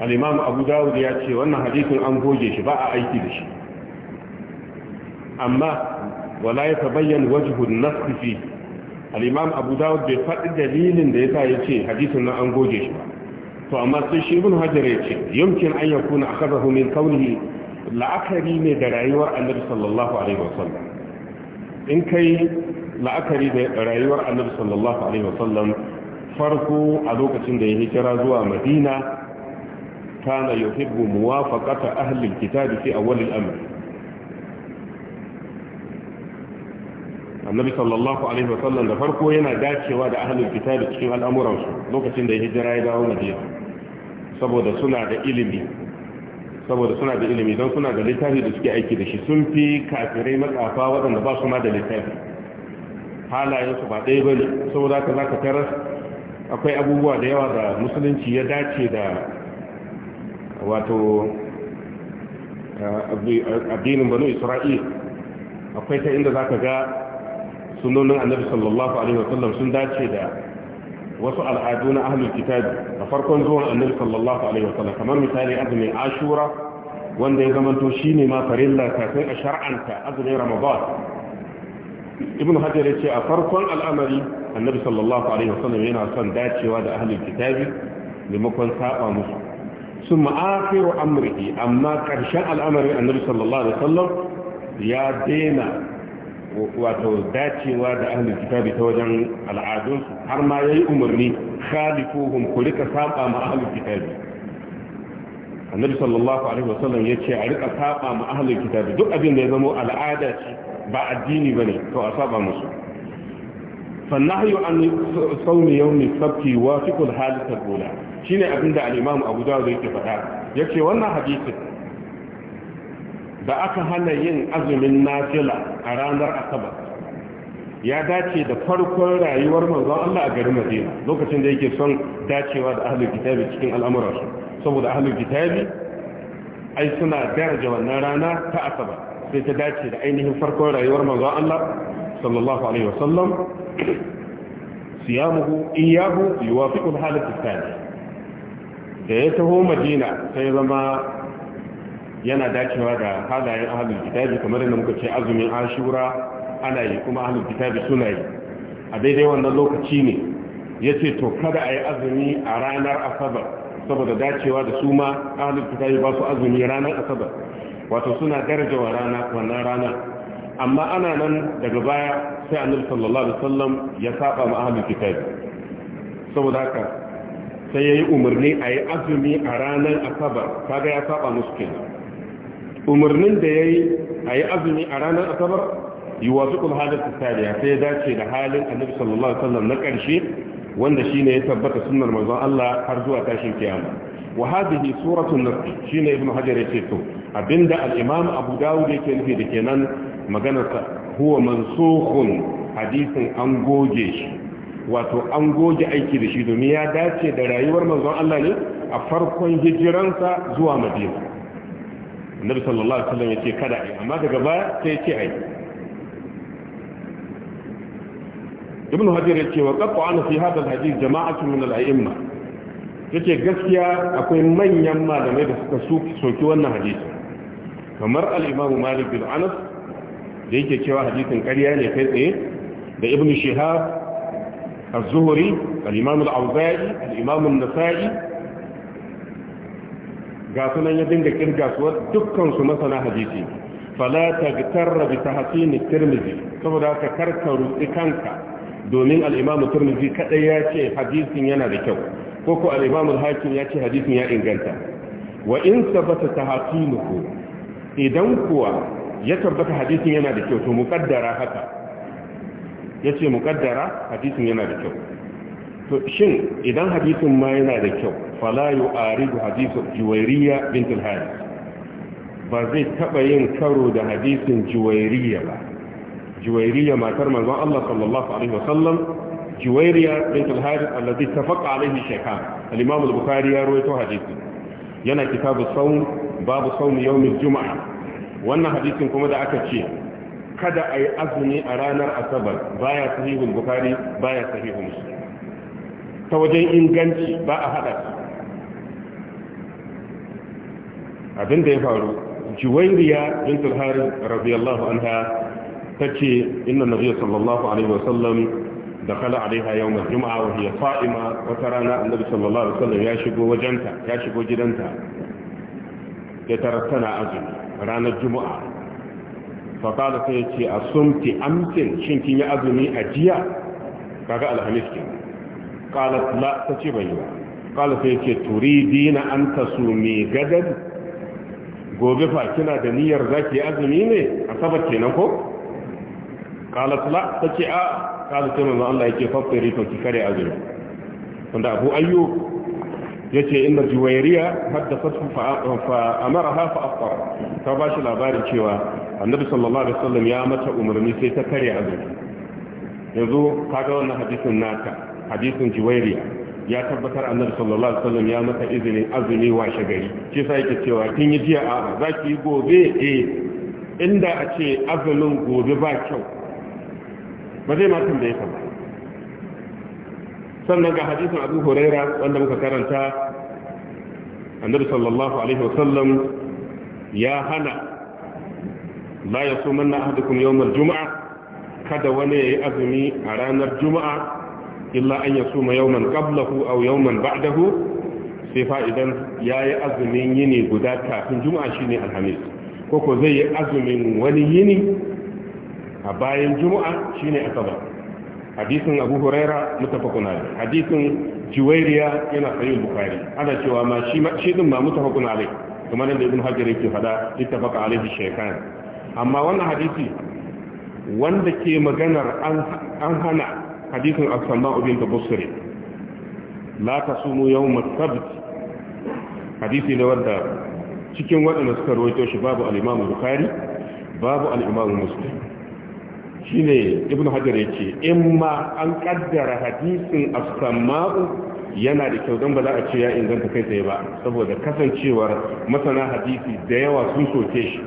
al'imam abu dawud ya ce wannan hadisun an goge shi ba a aiki da shi amma wala ya tabayyan wajhun nasfi fi al-imam abu dawud bai faɗi dalilin da yasa yace hadisin nan an goge shi ba to amma sai shi ibn hajar yace yumkin an yakuna akhadahu min qawlihi la'akari ne da rayuwar annabi sallallahu alaihi wasallam in kai la'akari da rayuwar annabi sallallahu alaihi wasallam farko a lokacin da ya hijira zuwa madina kana yuhibbu muwafaqata ahli alkitabi fi awwal al-amr annabi sallallahu alaihi wasallam da farko yana dacewa da ahlul kitabi cikin al'amuran su lokacin da ya hijira ya dawo madina saboda suna da ilimi saboda suna da ilimi don suna da littafi da suke aiki da shi sun fi kafirai matsafa waɗanda ba su ma da littafi halayen su ba ɗaya bane saboda ka zaka taras akwai abubuwa da yawa da musulunci ya dace da wato eh, addinin banu isra'il akwai ta inda zaka ga sunonin annabi sallallahu alaihi wa sallam sun dace da wasu al'adu na ahlul kitab a farkon zuwan annabi sallallahu alaihi wa sallam kamar misali azumin ashura wanda ya zamanto shine ma farilla kafin a shar'anta azumin ramadan ibn hajar ya ce a farkon al'amari annabi sallallahu alaihi wa sallam yana son dacewa da ahlul kitab limakon saba musu sun ma'afiru amurki amma ƙarshen al'amarin annabi sallallahu alaihi wa sallam ya daina wato dacewa da ahlul kitabi ta wajen al'adunsu har ma yayi umarni khalifuhum ku rika saba ma ahlul kitabi annabi sallallahu alaihi wasallam yace a rika saba ma ahlul kitabi duk abin da ya zama al'ada ce ba addini bane to a saba musu فالنهي عن صوم يوم السبت يوافق الحالة الأولى شنو أبن ده الإمام أبو داود يكفي يكفي وانا حديث da aka hana yin azumin nafila a ranar asabar ya dace da farkon rayuwar manzon Allah a garin Madina lokacin da yake son dacewa da ahlul kitabi cikin al'amuransu saboda ahlul kitabi ai suna daraja wannan rana ta asabar sai ta dace da ainihin farkon rayuwar manzon Allah sallallahu alaihi wasallam siyamuhu iyahu yuwafiqu halatu thani da ya taho Madina sai zama yana dacewa da halayen ahlul kitabi kamar da muka ce azumin ashura ana yi kuma ahlul kitabi suna yi a daidai wannan lokaci ne yace to kada ayi azumi a ranar asabar saboda dacewa da su ma ahlul kitabi ba su azumi ranar asabar wato suna daraja wa rana wannan rana amma ana nan daga baya sai annabi sallallahu alaihi wasallam ya saba ma kitabi saboda haka sai yayi umarni ayi azumi a ranar asabar kaga ya saba musu kenan umarnin da ya yi a yi azumi a ranar asabar yi wasu kulhalar tattariya sai ya dace da halin annabi sallallahu alaihi wasallam na ƙarshe wanda ne ya tabbata sunnar manzon Allah har zuwa tashin kiyama wa hadhihi suratul nasr shine ibnu hajar yace to abinda al-imam abu dawud yake nufi da kenan maganar sa huwa mansukhun hadisin an goge shi wato an goge aiki da shi domin ya dace da rayuwar manzon Allah ne a farkon hijiransa zuwa madina annabi sallallahu alaihi wasallam yace kada ai amma daga baya sai yace ai ibn hajar yace wa qad ana fi hadha alhadith jama'atu min al-a'imma yace gaskiya akwai manyan malamai da suka soki wannan hadisi kamar al-imam malik bin anas da yake cewa hadisin ƙarya ne kai tsaye da ibn shihab az-zuhri al-imam al-awza'i al-imam an-nasa'i ga sunan ya dinga kirga su dukkan su masana hadisi fala tagtarra bi tahsin tirmidhi saboda haka karka rutsi kanka domin al-imam tirmidhi kadai ya ce hadisin yana da kyau ko ko al-imam al-hakim ya ce hadisin ya inganta wa in sabata tahsinuhu idan kuwa ya tabbata hadisin yana da kyau to muqaddara haka yace muqaddara hadisin yana da kyau to shin idan hadisin ma yana da kyau fala yu'aridu hadisu juwairiya bint al-haris ba zai taba yin karo da hadisin juwairiya ba juwairiya matar manzon Allah sallallahu alaihi wasallam juwairiya bint al-haris allazi tafaqa alaihi shaykhan al-imam al-bukhari ya rawaito hadisin yana kitabu sawm babu sawm yawm al-jum'a wannan hadisin kuma da aka ce kada ayi azumi a ranar asabar baya sahihul bukhari baya sahihul muslim ta wajen inganci ba a haɗa. abin da ya faru juwairiya bint al-harith ta anha tace inna nabiyyu sallallahu alaihi wasallam dakala alaiha yawm al-jum'a wa hiya sa'ima wata rana annabi sallallahu alaihi wasallam ya shigo wajenta ya shigo gidanta ya tarattana azumi ranar juma'a fa sai ya ce a sumti amsin shin kin yi azumi a jiya kaga alhamis kenan qalat la tace bai ba qala sai yace turidina an tasumi gadan gobe fa kina da niyyar zaki azumi ne a asabar kenan ko qalat la tace a qala sai manzo Allah yake fakkari to ki kare azumi wanda Abu Ayyub yace inda Juwairiya haddathathu fa amaraha fa afṭara ta bashi labarin cewa annabi sallallahu alaihi wasallam ya mata umarni sai ta kare azumi yanzu kaga wannan hadisin naka hadisin Juwairi ya tabbatar annabi sallallahu alaihi wasallam ya masa izinin azumi washe gari shi sai yake cewa kin yi jiya a za ki yi gobe eh inda a ce azumin gobe ba kyau ba zai ma tambaye ka ba sannan ga hadisin Abu Huraira wanda muka karanta annabi sallallahu alaihi wasallam ya hana la yasumanna ahadukum yawm al kada wani yayi azumi a ranar juma'a illa an yasuma yawman qablahu aw yawman ba'dahu sai fa'idan ya yi azumin yini guda kafin juma'a shine alhamis ko ko zai yi azumin wani yini a bayan juma'a shine asabar hadisin abu huraira mutafakun alai hadisin juwairiya yana sahih bukari ana cewa ma shi shi din ma mutafakun alai kamar da ibn hajar yake fada ittafaqa alaihi shaykhan amma wannan hadisi wanda ke maganar an hana hadisin as-sama'u bin la tasumu yawm as-sabt hadisi ne wanda cikin waɗanda suka rawaito shi babu al-imamu babu al-imamu muslim shine ibn hajar yace in ma an ƙaddara hadisin as yana da kyau don ba za a ce ya inganta kai tsaye ba saboda kasancewar masana hadisi da yawa sun soke shi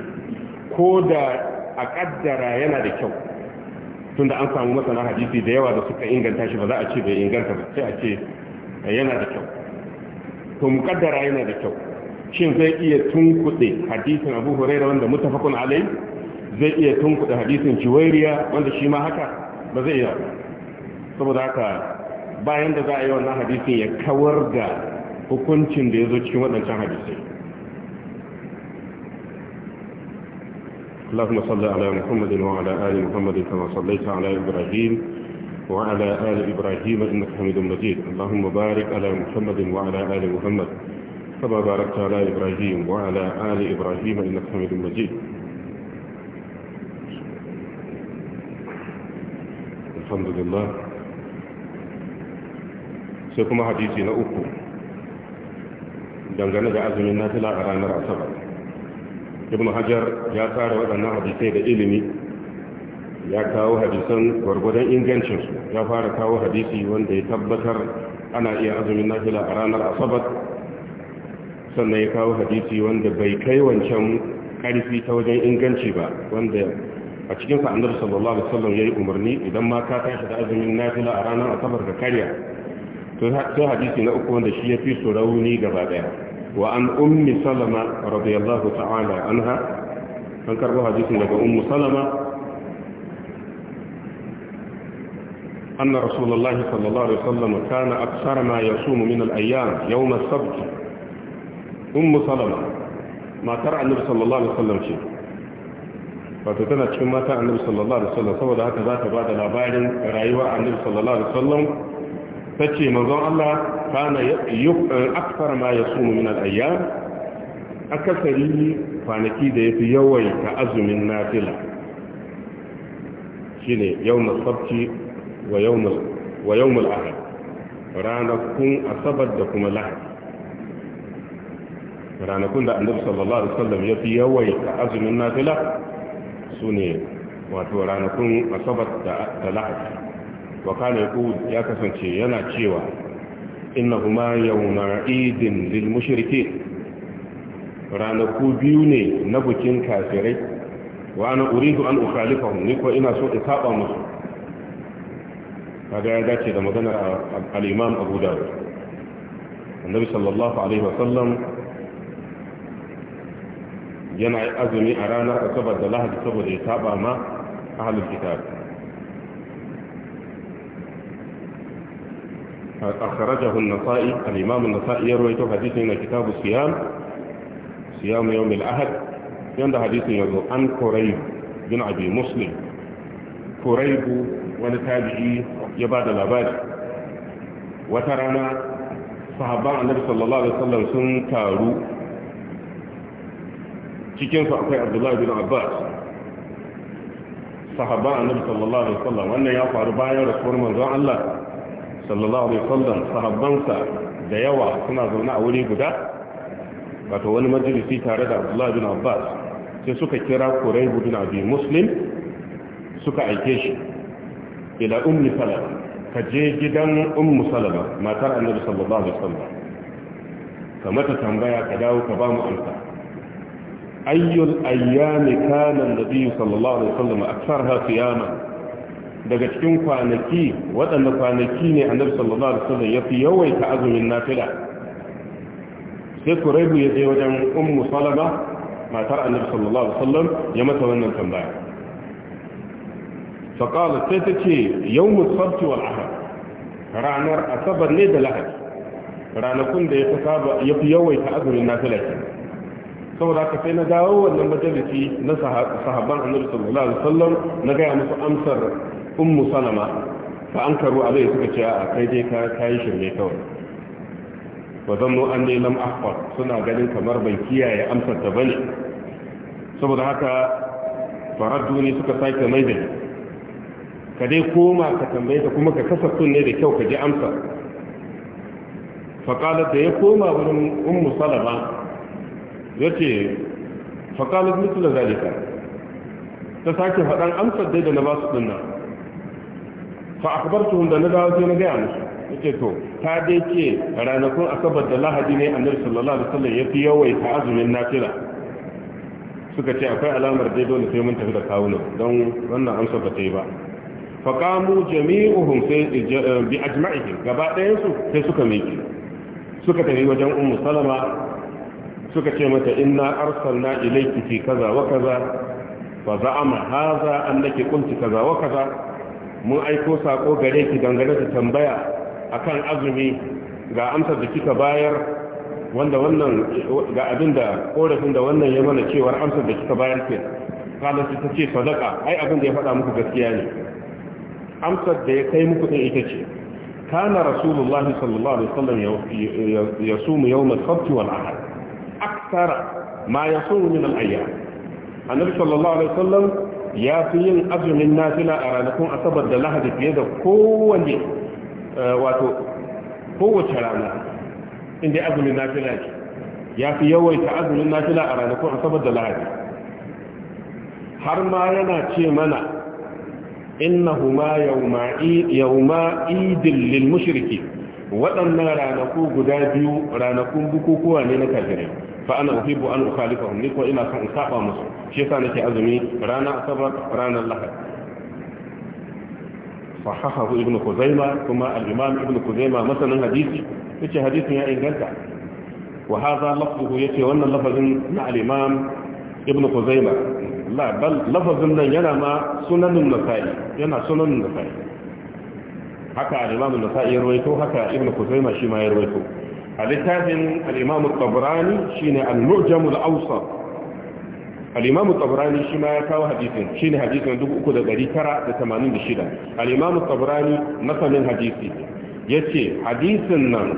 ko da a ƙaddara yana da kyau tunda an samu masana hadisi da yawa da suka inganta shi ba za a ce bai inganta ba sai a ce yana da kyau to muqaddara yana da kyau shin zai iya tunkuɗe hadisin abu huraira wanda mutafakun alai zai iya tunkuɗe hadisin juwairiya wanda shi ma haka ba zai iya saboda haka bayan da za a yi wannan hadisin ya kawar da hukuncin da ya zo cikin waɗancan hadisai اللهم صل على محمد وعلى آل محمد كما صليت على إبراهيم وعلى آل إبراهيم إنك حميد مجيد اللهم بارك على محمد وعلى آل محمد كما باركت على إبراهيم وعلى آل إبراهيم إنك حميد مجيد الحمد لله سيكون حديثي نأكو دنجانا جاء زميناتنا على نرأ سبب ibn hajar ya tsara waɗannan hadisai da ilimi ya kawo hadisan gwargwadon ingancinsu ya fara kawo hadisi wanda ya tabbatar ana iya azumin nafila a ranar asabar sannan ya kawo hadisi wanda bai kai wancan ƙarfi ta wajen inganci ba wanda a cikin fa'anar sallallahu alaihi wasallam yayi umarni idan ma ka tashi da azumin nafila a ranar asabar ka karya to sai hadisi na uku wanda shi ya fi su rauni gaba daya وعن أم سلمة رضي الله تعالى عنها أنكر بها لك أم سلمة أن رسول الله صلى الله عليه وسلم كان أكثر ما يصوم من الأيام يوم السبت أم سلمة ما ترى النبي صلى الله عليه وسلم شيء فتتنا تشمتا النبي صلى الله عليه وسلم سوى ذات بعد الأبائل النبي صلى الله عليه وسلم tace manzon Allah kana eh, akthar ma ya yasumu min al-ayyam akasari kwanaki da ya fi yawai yawaita azumin nafila Shi ne sabti wa yawmul wa yawmul ahad ranakun asabar da kuma lahadi ranakun da annabi sallallahu alaihi wasallam ya fi yawai yawaita azumin nafila su ne wato ranakun asabar da lahadi wa ya kasance yana cewa innahuma yawma idin lil mushrikeen ranaku biyu ne na bikin kafirai wa ana uridu an ukhalifahum ni ina so in saba musu kaga ya dace da maganar al-imam Abu Dawud sallallahu alaihi wasallam yana azumi a ranar asabar da lahadi saboda ya saba ma ahlul kitab akhrajahu an-nasa'i al-imam an-nasa'i ya rawaito hadisin na kitabu siyam siyam yawm al-ahad yanda hadisin yazo an qurayb bin abi muslim qurayb wani tabi'i ya bada labari wata rana sahabban annabi sallallahu alaihi wasallam sun taru cikin su akwai abdullahi bin abbas sahaba annabi sallallahu alaihi wasallam wannan ya faru bayan rasuwar manzon Allah sallallahu alaihi wasallam sahabbansa da yawa suna zaune a wuri guda wato wani majalisi tare da Abdullah bin Abbas sai suka kira Qurayb bin Abi Muslim suka aike shi ila ummi Salama ka je gidan ummu Salama matar Annabi sallallahu alaihi wasallam ka mata tambaya ka dawo ka ba mu amsa ayyul ayyami kana an-nabi sallallahu alaihi wasallam aktharha qiyama daga cikin kwanaki waɗanda kwanaki ne annabi sallallahu alaihi wasallam ya fi yawaita azumin nafila sai kuraibu ya je wajen ummu salama matar annabi sallallahu alaihi wasallam ya mata wannan tambaya fa sai ta ce yawmus sabt wal ahad ranar asabar ne da lahadi ranakun da ya fi saba ya fi yawaita azumin Sau da ka sai na dawo wannan majalisi na sahabban annabi sallallahu alaihi wasallam na gaya musu amsar ummu salama fa an karu abai suka ce a kai dai ka yi shirme kawai wa zannu an ne lam ahfar suna ganin kamar ban kiyaye amsar ta bane saboda haka farar ne suka sake mai da ka dai koma ka tambaye ta kuma ka kasa ne da kyau ka ji amsa faƙalar da ya koma wurin ummu salama ya ce faƙalar mutu da zalika ta sake faɗan amsar dai da na basu su fa akbartuhum da na dawo sai na gaya musu yace to ta dai ce ranakun asabar da lahadi ne annabi sallallahu alaihi wasallam ya fi yawaita azumin nafila suka ce akwai alamar dai dole sai mun tafi da kawuna don wannan amsa ba ta yi ba Fa qamu jami'uhum sai bi eh, ajma'ihim gaba su sai suka miki suka tafi wajen ummu salama suka ce mata inna arsalna ilayki fi kaza wa kaza fa za'ama hadha annaki qulti kaza wa kaza mun aiko saƙo gare ki dangane da tambaya akan azumi ga amsar da kika bayar wanda wannan ga abin da korafin da wannan ya mana cewar amsar da kika bayar ke kalan ta ce sadaka ai abin da ya faɗa muku gaskiya ne amsar da ya kai muku din ita ce kana rasulullahi sallallahu alaihi wasallam yasumu yawm al-sabt wal ahad akthara ma ya yasumu min al-ayyam annabi sallallahu alaihi wasallam ya fi yin azumin nafila a ranakun asabar da lahadi fiye da kowane eh, wato kowace rana inda azumin nafila ke. ya fi yawaita azumin nafila a ranakun asabar da lahadi har ma yana ce mana innahuma yawma idin lil mushriki waɗannan ranaku guda biyu ranakun bukukuwa ne na kafirai fa ana uhibbu an ukhalifahum ni ko ina son in saba musu كيف أنا كأزمي رانا أصبر رانا لحد صححه ابن خزيمة ثم الإمام ابن خزيمة مثلا حديث يتي هديث يا إنجلتا وهذا لفظه يتي وأن اللفظ مع الإمام ابن خزيمة لا بل لفظ ينمى سنن النسائي ينمى سنن النسائي حكى الإمام النسائي يرويته حكى ابن خزيمة شما يرويته الإتاذ الإمام الطبراني شين المعجم الأوسط al-imam tabrani ya kawo hadisin shine hadisin 3986 al-imam tabrani masanin hadisi yace hadisin nan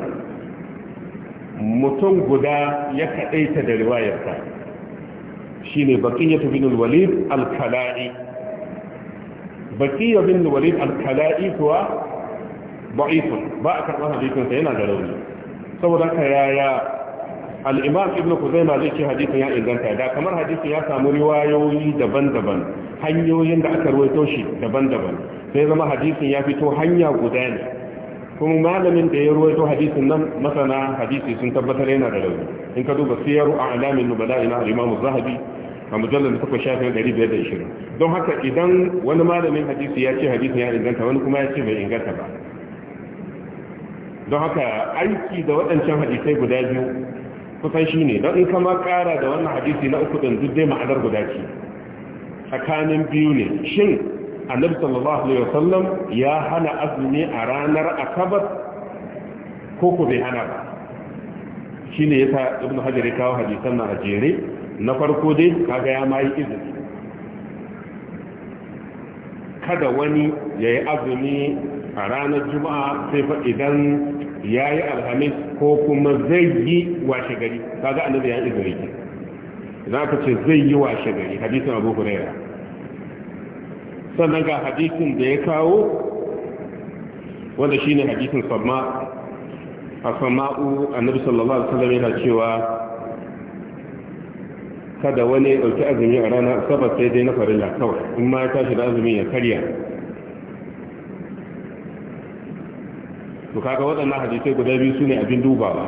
mutum guda ya kadaita da riwayarsa shine baqiyatu bin al-walid al-kala'i baqiyatu bin al-walid al-kala'i kuwa ba a karɓar hadisin yana da rauni saboda ka yaya al'imam ibn kuzaima zai ce hadisin ya inganta da kamar hadisin ya samu riwayoyi daban-daban hanyoyin da aka ruwaito shi daban-daban sai zama hadisin ya fito hanya guda ne kuma malamin da ya ruwaito hadisin nan masana hadisi sun tabbatar yana da rauni in ka duba siyaru a alamin nubala ina al'imam zahabi a mujallar da takwas shafin ishirin don haka idan wani malamin hadisi ya ce hadisin ya inganta wani kuma ya ce bai inganta ba don haka aiki da waɗancan hadisai guda biyu kusan shi ne don in kama kara da wannan hadisi na uku ɗin dai ma'anar guda ce tsakanin biyu ne shin annabi sallallahu alaihi wasallam ya hana azumi a ranar asabar ko ku bai hana ba shi ne ya sa ibn hajjari kawo hadisan na jere na farko dai kaga ya ma yi izini kada wani ya yi azumi a ranar juma'a sai fa idan ya yi alhamis ko kuma zai yi washe gari kaga annabi ya izini ki za ka ce zai yi washe gari hadisin abu huraira sannan ga hadisin da ya kawo wanda shine hadisin samma a samma'u annabi sallallahu alaihi wasallam yana cewa kada wani ya azumi a rana sabar sai dai na farilla kawai in ma ya tashi da azumi ya karya to kaga waɗannan hadisai guda biyu su ne abin dubawa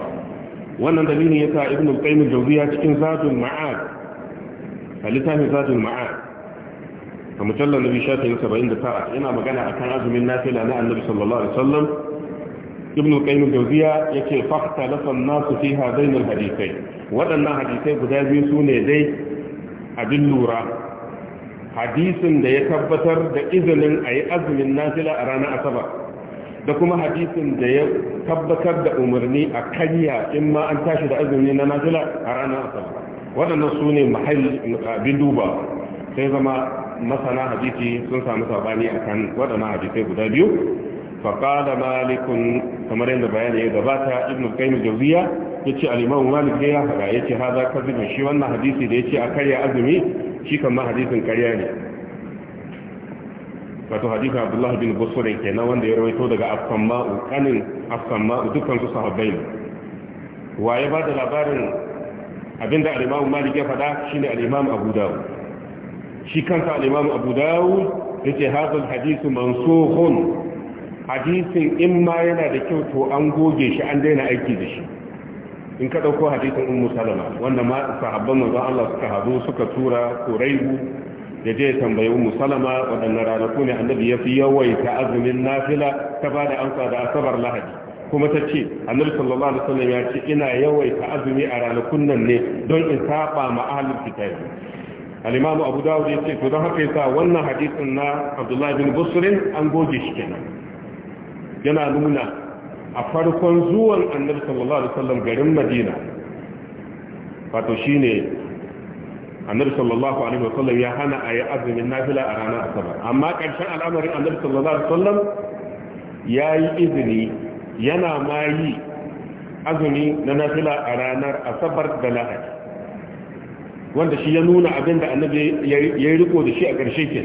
wannan dalilin yasa ibn al-qayyim al-jawziya cikin zadul ma'ad a littafin zadul ma'ad a mujallar nabi shafin saba'in da ta'a. yana magana a kan azumin nafila na annabi sallallahu alaihi wasallam ibn al-qayyim jawziya yace fakta lafan su fi hadain al-hadithai wadannan hadisai guda biyu su ne dai abin lura hadisin da ya tabbatar da izinin a yi azumin nafila a ranar asabar da kuma hadisin da ya tabbatar da umarni a kanya in ma an tashi da azumi na nazila a ranar asabar waɗannan su ne abin duba sai zama masana hadisi sun samu sabani a kan waɗannan hadisai guda biyu faƙada malikun kamar yadda bayani ya gabata ibn al-qayyim jawziya yace al-imam malik ya ya yace haza kadhibun shi wannan hadisi da ya ce a karya azumi shi kan ma hadisin karya ne wato hadisin abdullah bin busurin kenan wanda ya rawaito daga afsamma'u kanin afsamma'u dukkan su sahabbai ne waye ba da labarin abinda al-imam malik ya faɗa shine al-imam abu dawud shi kansa al-imam abu dawud yace hadal hadisu mansukhun hadisin in ma yana da kyau to an goge shi an daina aiki da shi in ka dauko hadisin ummu salama wanda ma sahabban manzon Allah suka hazo suka tura kuraibu Da zai ya tambayi ummu salama waɗannan ranaku ne annabi ya fi yawaita azumin nafila ta bada amsa da asabar lahadi kuma ta ce annabi sallallahu alaihi wasallam ya ce ina yawaita azumi a ranakun nan ne don in saba ma ahlul kitab al-imamu abu dawud ya ce to don haka yasa wannan hadisin na abdullahi bin busrin an goge shi kenan yana nuna a farkon zuwan annabi sallallahu alaihi wasallam garin madina wato shine annabi sallallahu alaihi wa sallam ya hana a yi azumin nafila a ranar asabar amma ƙarshen al'amarin annabi sallallahu alaihi wa sallam ya yi izini yana ma yi azumi na nafila a ranar asabar da lahadi wanda shi ya nuna abin da annabi ya yi riko da shi a ƙarshe ke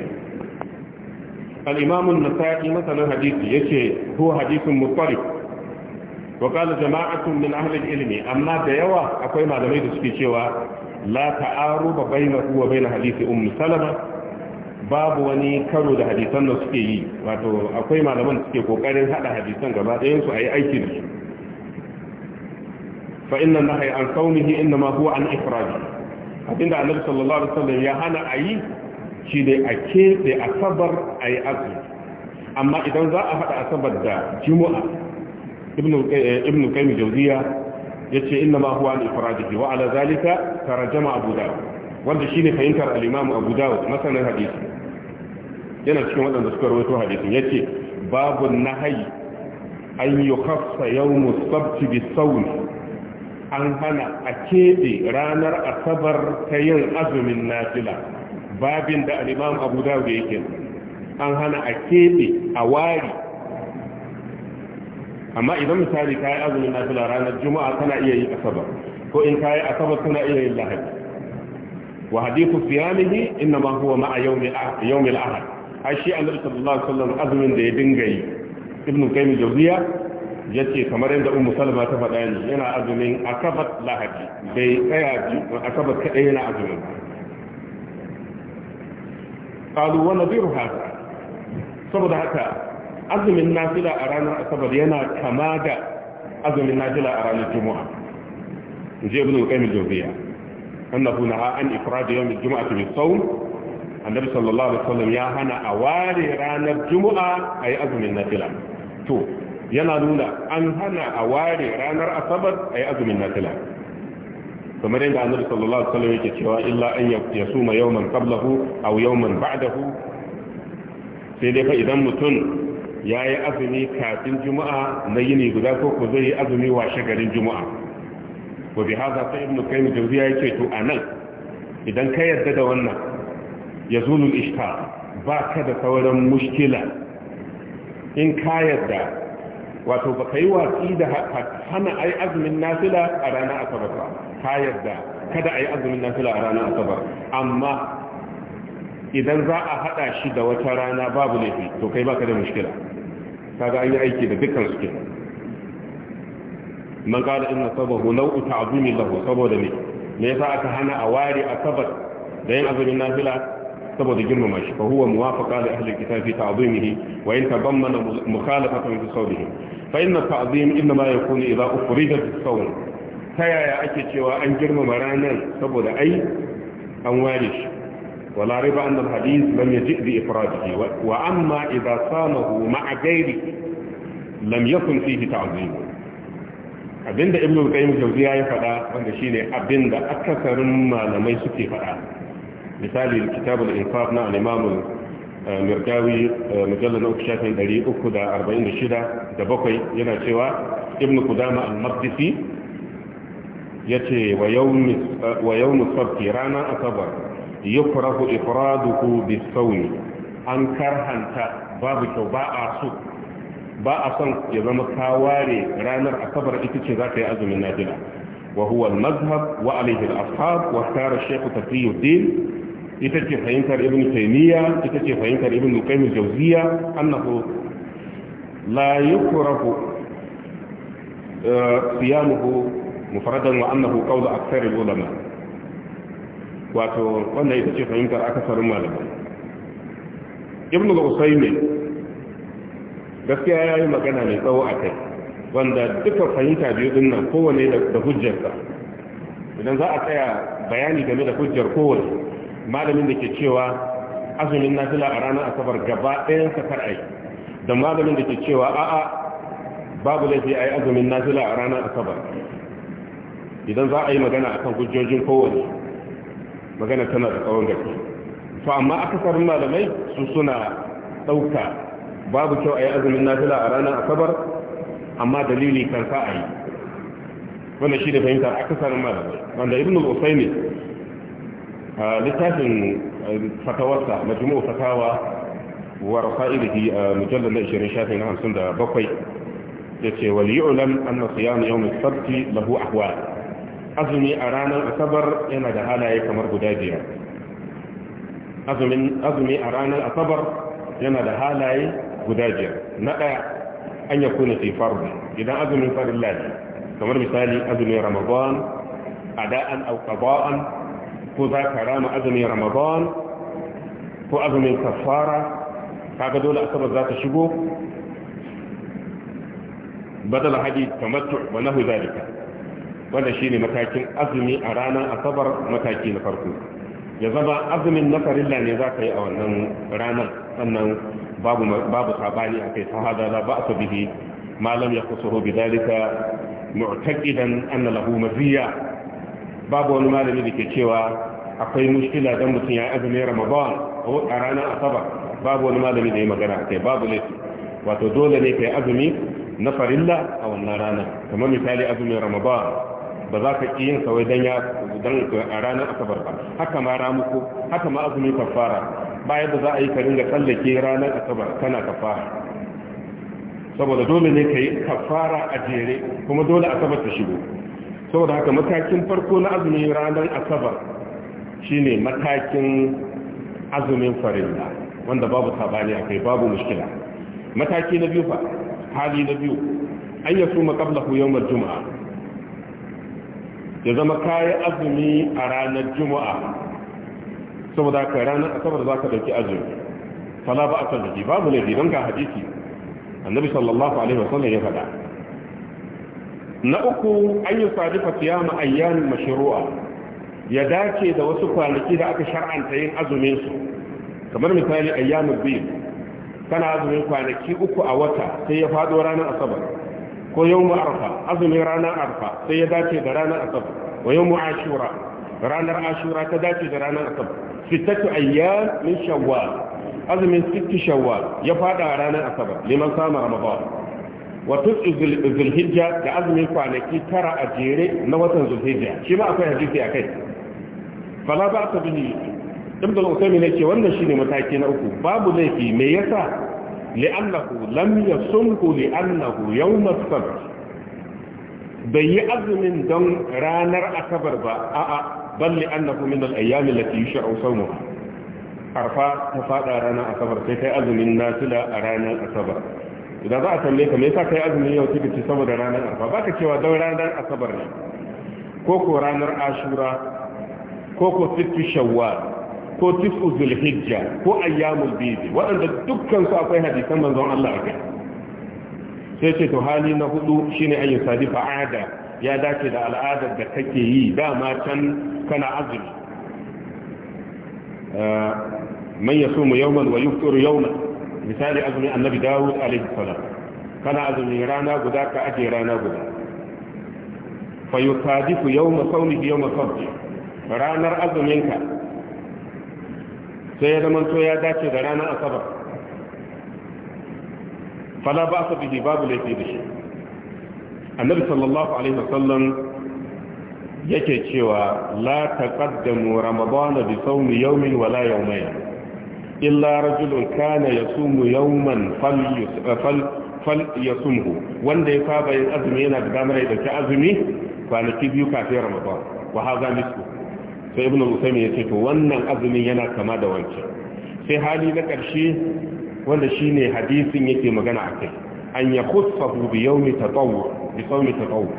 al'imamun nasa'i masanin hadisi ya ce ko hadisin mutsari wa kala jama'atun min ahlil ilimi amma da yawa akwai malamai da suke cewa la ta'aruba bainahu wa hadisi ummu salama babu wani karo da hadisan da suke yi wato akwai malaman suke kokarin haɗa hadisan gaba ɗayan a yi aikin da su fa inna nahya an kaumihi inna ma huwa an ifraji abinda annabi sallallahu alaihi wasallam ya hana ayi shi dai a keɓe asabar ayi azumi amma idan za a hada asabar da jimu'a ibnu ibnu qayyim yace inna ma huwa al-ifradihi wa ala zalika tarjama abu dawud wanda shine fahimtar al-imam abu dawud masanin hadisi yana cikin wadanda suka rawaito hadisin yace babu nahyi an yukhaffa yawm as-sabt bis-sawm an hana a keɓe ranar asabar ta yin azumin nafila babin da al-imam abu dawud yake an hana a keɓe a wari amma idan misali ka yi azumin nafila ranar juma'a tana iya yi asabar ko in ka yi asabar tana iya yin lahadi wa hadithu siyamihi inna ma huwa ma'a yawmi al-ahad ai shi annabi sallallahu alaihi wasallam azumin da ya dinga yi ibnu qayyim jawziya yace kamar yadda ummu salma ta faɗa ni yana azumin asabar lahadi bai tsaya asabar kadai yana azumin قالوا ونظير هذا saboda haka azumin nafila a ranar asabar yana kama da azumin nafila a ranar juma'a je ibn al-qayyim al-jawziya annahu naha an ifrad yawm al-jum'ati bi sawm annabi sallallahu alaihi wasallam ya hana a ware ranar juma'a ayi azumin nafila to yana nuna an hana a ware ranar asabar ayi azumin nafila kamar yadda annabi sallallahu alaihi wasallam yake cewa illa an yasuma yawman qablahu aw yawman ba'dahu sai dai fa idan mutum ya yi azumi kafin juma'a na yini guda ko ko zai yi azumi washe garin juma'a ko bi haza sai ibnu qayyim jawziya yake to anan idan ka yarda da wannan yazulu ishka ba ka da sauran mushkila in ka yarda wato ba kai yi watsi da hana ai azumin nafila a ranar asabar ka yarda kada ai azumin nafila a ranar asabar amma idan za a haɗa shi da wata rana babu laifi to kai baka da mushkila kaga an yi aiki da dukkan su kenan man qala inna sabahu nau'u ta'zimi lahu saboda ne ya sa aka hana a ware asabat da yin azumin nafila saboda girmama shi fa huwa muwafaqa li ahli kitabi ta'zimihi wa in tabammana mukhalafatan fi sawmihi fa inna ta'zim inna ma yakunu idha ukhrija fi sawm ta yaya ake cewa an girmama ranar saboda ai an ware shi ولا ريب أن الحديث لم يجئ بإفراده وأما إذا صامه مع غيره لم يكن فيه تعظيم abinda ibn al-qayyim jawziya ya fada wanda shine abinda akasarin malamai suke fada misali kitab al-infaq na al-imam al-mirdawi mujallad 346 da bakwai yana cewa ibn qudama al-maqdisi yace wa yawm wa yawm as-sabt rana asabar يكره إفراده بالسوي أن كرهنت باب شباء سوء باء صن يزم كاواري رانر أكبر إتشي ذات أزم النادلة وهو المذهب وعليه الأصحاب واختار الشيخ تقي الدين إتشي فينكر ابن تيمية إتشي فينكر ابن القيم الجوزية أنه لا يكره آه، صيامه مفردا وأنه قول أكثر العلماء wato wannan ita ce fahimtar akasarin malamai ibn al ne gaskiya ya yi magana mai tsawo a kai wanda duka fahimta biyu din nan kowane da hujjarsa idan za a tsaya bayani game da hujjar kowane malamin da ke cewa azumin nafila a ranar asabar gaba ɗayan sakar ai da malamin da ke cewa a'a babu laifi a yi azumin nafila a ranar asabar idan za a yi magana akan hujjojin kowane magana tana da tsawon gaske to amma akasarin malamai su suna ɗauka babu kyau a yi azumin nafila a ranar asabar amma dalili kan sa a yi wannan shi da fahimtar akasarin malamai wanda ibn al-usaimi a littafin fatawarsa majmu'u fatawa wa rasailihi a mujallal 20 shafin 57 yace wal yu'lam anna siyam yawm as-sabt lahu ahwal azumi a ranar asabar yana da halaye kamar guda biyar azumi a ranar asabar yana da halaye guda biyar na ɗaya an ya kuna tsifar idan azumin farin lafi kamar misali azumin ramadan ada'an auƙaba'an ko za ka rama azumin ramadan ko azumin kafara kaga dole asabar za ta shigo badala hadi tamattu wa nahu zalika wanda shi ne matakin azumi a ranar asabar mataki na farko ya zama azumin na farilla ne za ka yi a wannan ranar sannan babu babu sabani a kai sahada za ba su bihi malam ya kusuro bi zalika idan anna lahu maziya babu wani malami da ke cewa akwai mushkila dan mutum ya yi azumi ramadan ko a ranar asabar babu wani malami da ya magana a kai babu ne wato dole ne ka yi azumi na farilla a wannan ranar kamar misali azumin ramadan ba za ka ƙi yin kawai don ya don a ranar asabar ba haka ma ramuko haka ma azumi kafara bayan da za a yi ka ringa tsallake ranar asabar kana kafara saboda dole ne ka yi kafara a jere kuma dole asabar ta shigo saboda haka matakin farko na azumi ranar asabar shine matakin azumin farilla wanda babu a kai babu mushkila mataki na biyu fa hali na biyu an yasu maqablahu yawmal juma'a ya zama kayan azumi a ranar juma'a saboda ka ranar asabar za ka dauki azumi fala ba a san jiki babu laifi don ga hadisi annabi sallallahu alaihi wa sallam ya faɗa na uku an yi sadifa siyama ayyamin mashru'a ya dace da wasu kwanaki da aka shar'anta yin azumin su kamar misali ayyamin biyu kana azumin kwanaki uku a wata sai ya faɗo ranar asabar ko yau mu arfa azumin ranar arfa sai ya dace da ranar asabar wa yau mu ashura ranar ashura ta dace da ranar asabar sittatu ayyam min shawwal azumin sittu shawwal ya fada a ranar asabar liman sama ramadan wa tusu zulhijja da azumin kwanaki tara a jere na watan zulhijja shi ma akwai hadisi kai. fala ba ta bihi ibn al ne yace wannan shine mataki na uku babu laifi me yasa li'annahu lam yasumhu li'annahu yawm as-sabt bai yi azumin don ranar asabar ba a'a bal li'annahu min al-ayyam allati yusha'u sawmuha arfa ta fada ranar asabar kai azumin nafila a ranar asabar idan za a tambaye ka me ka kai azumin yau kika saboda ranar arfa ba ka cewa don ranar asabar ne ko ko ranar ashura ko ko fitu shawwal ko tis'u zulhijja ko ayyamul bidi waɗanda dukkan su akwai hadisan manzon Allah akai sai ce to hali na hudu shine an yusadi fa'ada ya dace da al'adar da kake yi dama can kana azumi man yasumu yawman wa yufṭiru yawman misali azumi annabi Dawud alaihi salam kana azumi rana guda ka aje rana guda fa yusadifu yawma sawmihi yawma sabti ranar azuminka sai ya zamanto ya dace da ranar asabar fala ba su bihi babu laifi da shi annabi sallallahu alaihi wasallam yake cewa la taqaddamu ramadana bi sawmi yawmin wala yawmayn illa rajulun kana yasumu yawman fal fal yasumhu wanda ya saba yin azumi yana da damar da ta azumi kwanaki biyu kafin ramadan wa hadha mislu sai ibn al-usaymi ya ce to wannan azumin yana kama da wancan sai hali na ƙarshe wanda shine hadisin yake magana akai an ya khuffahu bi yawmi tatawwu bi sawmi tatawwu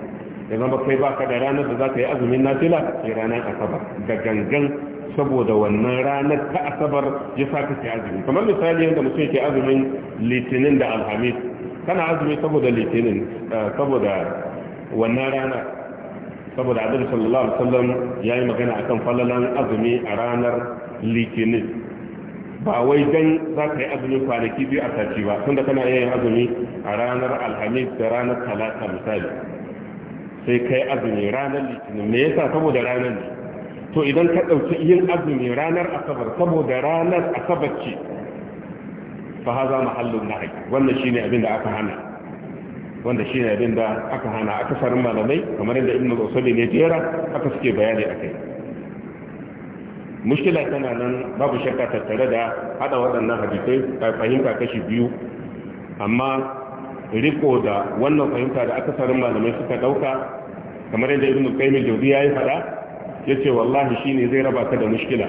ya ba kai baka da ranar da zaka yi azumin nafila sai ranar asabar da gangan saboda wannan ranar ta asabar ya sa kake azumi kamar misali yadda mutum yake azumin litinin da alhamis kana azumi saboda litinin eh, saboda wannan rana saboda annabi sallallahu alaihi wasallam ya yi magana akan falalan azumi a ranar litinin ba wai dan za ka yi azumin kwanaki biyu a sati ba tunda kana iya yin azumi a ranar alhamis da ranar talata misali sai kai azumi ranar litinin me yasa saboda ranar ne to idan ka ɗauki yin azumi ranar asabar saboda ranar asabar ce fa haza mahallun nahi wannan shine abin da aka hana wanda shi ne abin da aka hana a kasarin malamai kamar yadda ibn al ne jera aka suke bayani a kai mushkila tana nan babu shakka tattare da hada waɗannan hadisai fahimta kashi biyu amma riko da wannan fahimta da akasarin malamai suka ɗauka kamar yadda ibn qayyim al-jawzi yayi fada yace wallahi shine zai raba ka da mushkila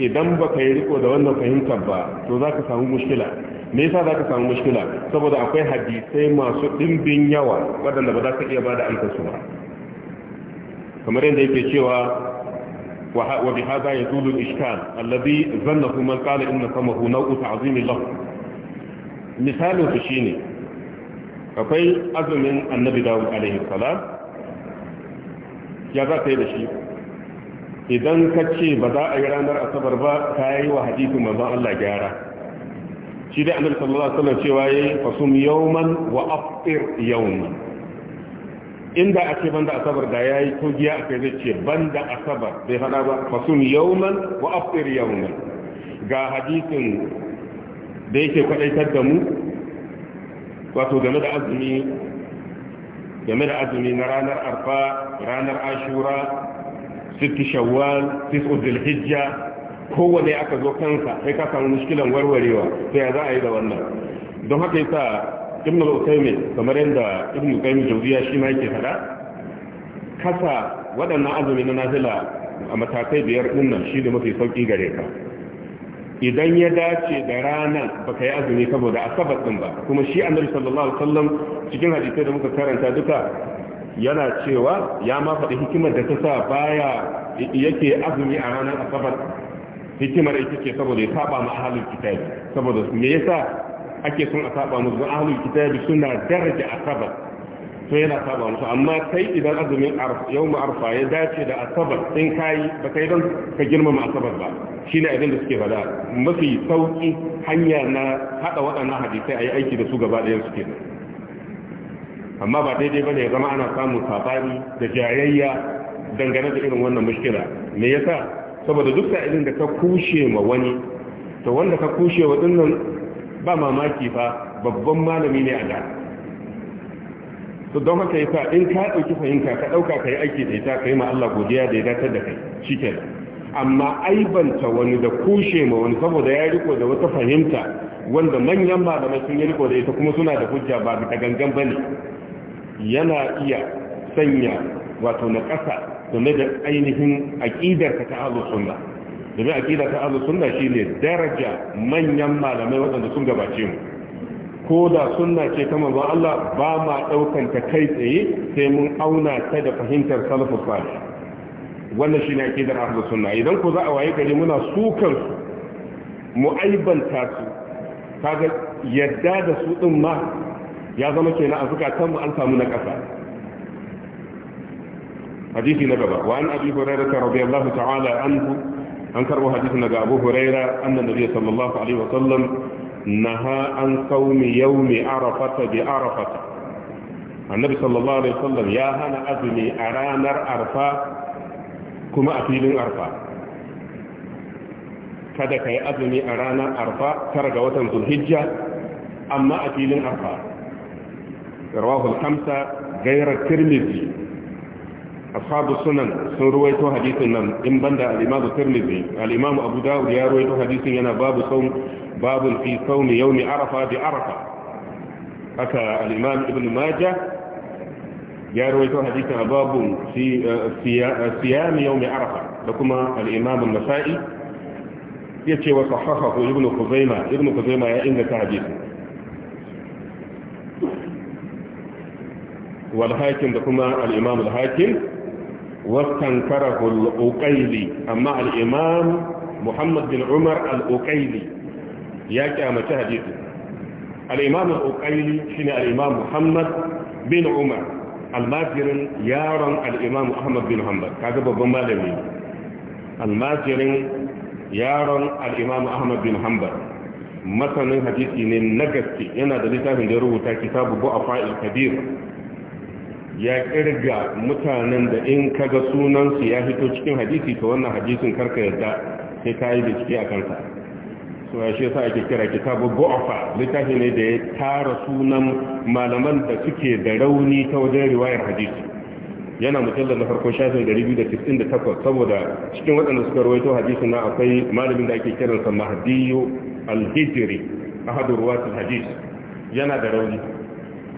idan baka yi riko da wannan fahimtar ba to zaka samu mushkila me yasa za ka samu mushkila saboda akwai hadisai masu ɗimbin yawa waɗanda ba za ka iya ba da amsa su ba kamar yadda yake cewa wa bi hada ya zulu ishkal allazi zannahu man qala inna samahu naw'u ta'zimi lahu misalin su shine akwai azumin annabi dawud alaihi salam ya za ka yi da shi idan ka ce ba za a yi ranar asabar ba ka yi wa hadisin manzon Allah gyara shi dai annabi sallallahu alaihi wasallam cewa yayi fasum yawman wa aftir yawman inda ake banda asabar da yayi ko giya ake zai ce banda asabar bai fada ba fasum yawman wa aftir yawman ga hadisin da yake kwadaitar da mu wato game da azumi game da azumi na ranar arfa ranar ashura sitti shawwal tis'u dhulhijja kowane aka zo kansa sai ka samu mushkilan warwarewa sai ya za a yi da wannan don haka yasa ibn al qayyim kamar yadda ibn qayyim jawziya shi ma yake fada kasa waɗannan azumi na nafila a matakai biyar din nan shi da mafi sauki gare ka idan ya dace da ranar baka yi azumi saboda asabar din ba kuma shi annabi sallallahu alaihi wasallam cikin hadisai da muka karanta duka yana cewa ya ma faɗi hikimar da ta sa baya yake azumi a ranar asabar hikimar ita ce saboda ya saba ma ahlul kitabi saboda me yasa ake son a saba musu don ahlul kitabi suna daraja asabar to yana saba musu amma sai idan azumin yau arfa ya dace da asabar in kayi ba kai don ka girmama asabar ba shine abin da suke faɗa mafi sauki hanya na hada waɗannan hadisai a yi aiki da su gaba ɗayan suke amma ba daidai bane ya zama ana samun sabani da jayayya dangane da irin wannan mushkila me yasa saboda duk irin da ka kushe ma wani to wanda ka kushe wa dinnan ba mamaki fa babban malami ne a da to don haka yasa in ka dauki fahimta ka dauka kai aiki da ita kai ma Allah godiya da ya datar da kai shikenan amma aibanta wani da kushe ma wani saboda ya riko da wata fahimta wanda manyan malamai sun yi riko da ita kuma suna da hujja ba da gangan bane yana iya sanya wato na ƙasa game da ainihin aƙidar ta ahlus sunna domin aƙida ta ahlus sunna shine daraja manyan malamai waɗanda sun gabace mu ko da sunna ce ta manzon Allah ba ma ɗaukan ta kai tsaye sai mun auna ta da fahimtar salafus salih wannan shine aƙidar ahlus sunna idan ko za a waye gari muna sukan su mu aibanta su kaga yadda da su din ma ya zama kenan a zukatan mu an samu na ƙasa hadisi na gaba wa an abi hurairah radiyallahu ta'ala anhu an karbo hadisi daga abu hurairah annan nabi sallallahu alaihi wa sallam naha an saumi yawmi arafata bi arafata annabi sallallahu alaihi wa sallam ya hana azumi a arfa kuma a filin arfa kada ka yi azumi a ranar arfa tara ga watan zulhijja amma a filin arfa rawahu al-khamsa tirmidhi ashabu sunan sun ruwaito hadisin nan in banda al-imamu tirmidhi al-imamu abu dawud ya ruwaito hadisin yana babu saum babu fi saum yawmi arafa bi arafa haka al-imam ibn majah ya ruwaito hadisin babu babu siyam yawmi arafa da kuma al-imam an-nasa'i yace wa sahahahu ibn khuzaimah ibn khuzaimah ya inganta hadisin والهاكم ده كما الإمام الهاكم واستنكره الأقيلي أما الإمام محمد بن عمر الأقيلي ياكي أما تهديثه الإمام الأقيلي شنع الإمام محمد بن عمر الماجر يارا الإمام أحمد بن محمد كذب بمالمي الماجر يارا الإمام أحمد بن محمد مثلا حديثي نجسي ينا دلتا من دروتا كتاب بؤفاء الكبير ya kirga mutanen da in kaga sunansu ya fito cikin hadisi to wannan hadisin karka yadda sai ka yi bincike a kansa su ya shi sa ake kira kitabu bu'afa littafi ne da ya tara sunan malaman da suke da rauni ta wajen riwayar hadisi yana mujallar na farko shafin 298 saboda cikin waɗanda suka rawaito hadisin na akwai malamin da ake kiransa mahdiyu al-hijri ahadu ruwatul hadis yana da rauni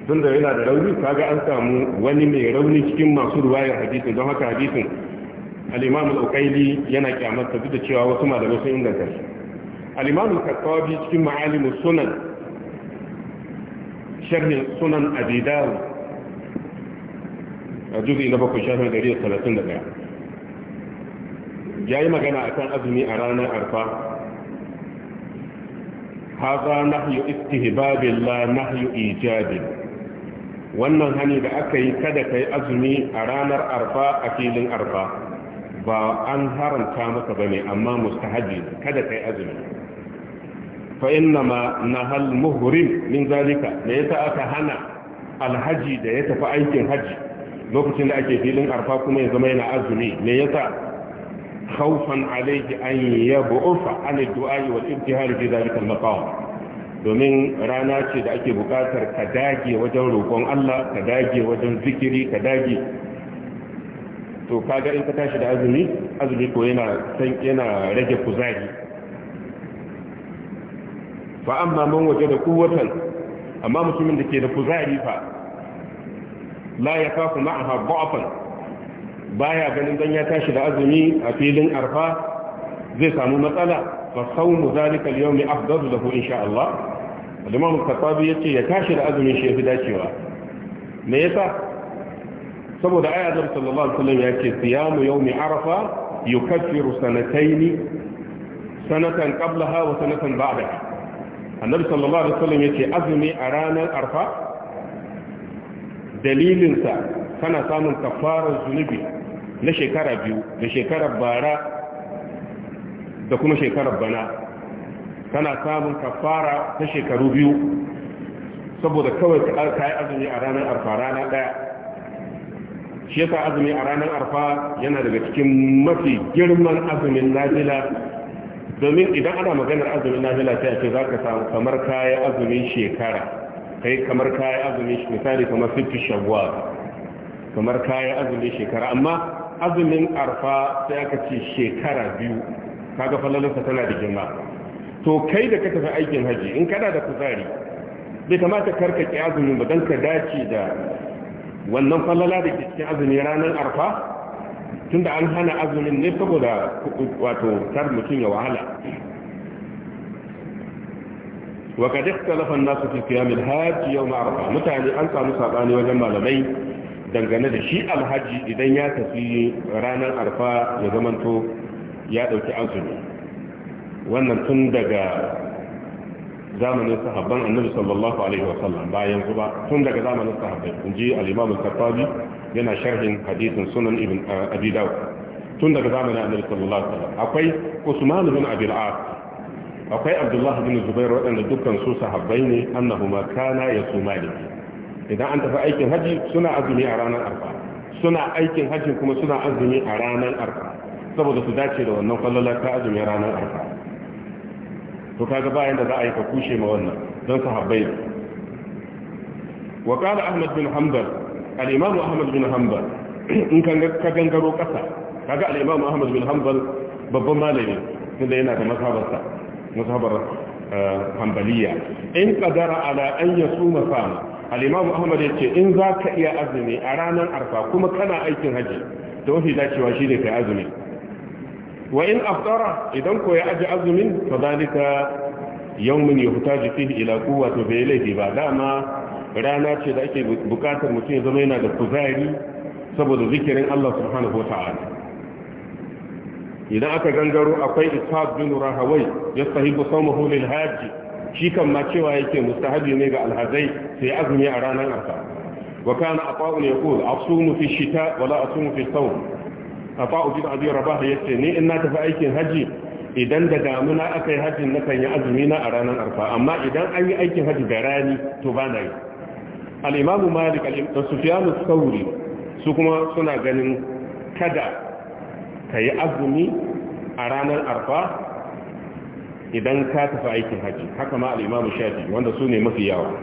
tun da yana da rauni kaga an samu wani mai rauni cikin masu ruwayar hadisin don haka hadisin al-imam al-uqayli yana kyamar duk da cewa wasu malamai sun inganta shi al-imam al-kattabi cikin ma'alim sunan sharhin sunan abi a juzi na bakwai shafin gari talatin da ɗaya ya yi magana a kan azumi a ranar arfa haza nahyu istihbabil la nahyu ijabin wannan hani da aka yi kada ka yi azumi a ranar arfa a filin arfa ba an haramta maka ba ne amma mustahabi kada ka yi azumi fa inna ma nahal muhrim min zalika me yasa aka hana alhaji da ya tafi aikin haji lokacin da ake filin arfa kuma ya zama yana azumi me yasa khawfan alayhi an yab'ufa an ad-du'a wal ibtihal fi zalika al-maqam domin rana ce da ake bukatar ka dage wajen roƙon Allah ka dage wajen zikiri ka dage to kaga in ka tashi da azumi azumi ko yana san yana rage kuzari fa amma man waje da kuwatan amma mutumin da ke da kuzari fa la ya kafu ma'aha ba'afan baya ganin dan ya tashi da azumi a filin arfa zai samu matsala fa sawmu zalika al-yawmi da lahu insha Allah Imam al-Khattabi yace ya tashi da azumin shi ya fi dacewa me yasa saboda ayatul sallallahu alaihi wasallam yace siyamu yawmi arafa yukaffiru sanatayn sanatan qablaha wa sanatan ba'ada, annabi sallallahu alaihi wasallam ce azumi a ranar arfa dalilinsa kana samun kafarar zunubi na shekara biyu da shekarar bara da kuma shekarar bana tana samun kafara ta shekaru biyu saboda kawai ka yi azumi a ranar arfa rana daya shi yasa azumi a ranar arfa yana daga cikin mafi girman azumin nafila domin idan ana maganar azumin nafila ta yake ce za ka samu kamar yi azumin shekara kai kamar yi azumin misali kamar fitu shawwal kamar yi azumin shekara amma azumin arfa sai aka ce shekara biyu kaga fallalarsa tana da girma to kai da ka tafi aikin haji in kana da kuzari bai kamata karka ki azumi ba don ka dace da wannan fallala da ke cikin azumi ranar arfa tunda an hana azumin ne saboda wato kar mutum ya wahala wa ka ikhtalafa an nasu fi qiyam al-hajj arfa mutane an samu sabani wajen malamai dangane da shi alhaji idan ya tafi ranar arfa ya zamanto ya ɗauki azumi wannan tun daga zamanin sahabban annabi sallallahu alaihi wasallam ba yanzu ba tun daga zamanin sahabbai in ji al-imam yana sharhin hadisin sunan ibn eh, abi dawud tun daga zamanin annabi sallallahu alaihi wasallam akwai usman ibn abi al-as akwai abdullah ibn zubair waɗanda dukkan su sahabbai ne annahuma kana yasumani idan an tafi aikin haji suna azumi a ranar arfa suna aikin haji kuma suna azumi a ranar arfa saboda su dace da wannan fallala ta azumi ranar arfa to kaga bayan da za a yi ka kushe ma wannan don sahabbai wa qala ahmad bin hanbal al ahmad bin hanbal in kan ka gangaro kasa kaga al ahmad bin hanbal babban malami tunda yana da mazhabarsa mazhabar eh, hanbaliya in kadara ala an yasuma sama al-imam ahmad ce in za ka iya azumi a ranar arfa kuma kana aikin haji to fi dacewa shine kai azumi wa in aftara idan ko ya aji azumin fa zalika yawmin yuhtaju fihi ila quwwa to bai laifi ba dama rana ce da ake bukatar mutum ya zama yana da kuzari saboda zikirin Allah subhanahu wata'ala idan aka gangaro akwai ishaq bin rahawai yastahibu sawmuhu lil hajj shi kan ma cewa yake mustahabi ne ga alhazai sai azumi a ranar arfa wa kana ata'un yaqul asumu fi shita wala asumu fi sawm ata'u bin abi rabah yace ni in na tafi aikin haji idan da damuna aka yi hajji na kan yi azumi na a ranar arfa amma idan an yi aikin haji da rani to ba na yi al'imamu malik da sufiyanu sauri su kuma suna ganin kada ka yi azumi a ranar arfa idan ka tafi aikin haji haka ma al'imamu shafi wanda su ne mafi yawa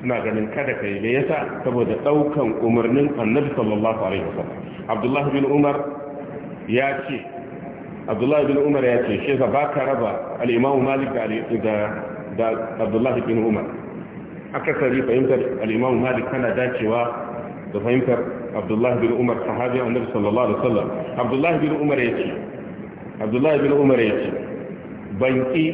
suna ganin kada kai me yasa saboda daukan umarnin annabi sallallahu alaihi wasallam abdullah bin umar ya ce abdullah bin umar ya ce shi ba raba al-imam malik da da abdullah bin umar akasari fahimtar al-imam malik kana dacewa da fahimtar abdullah bin umar sahabi annabi sallallahu alaihi wasallam abdullah bin umar yace abdullah bin umar yace banki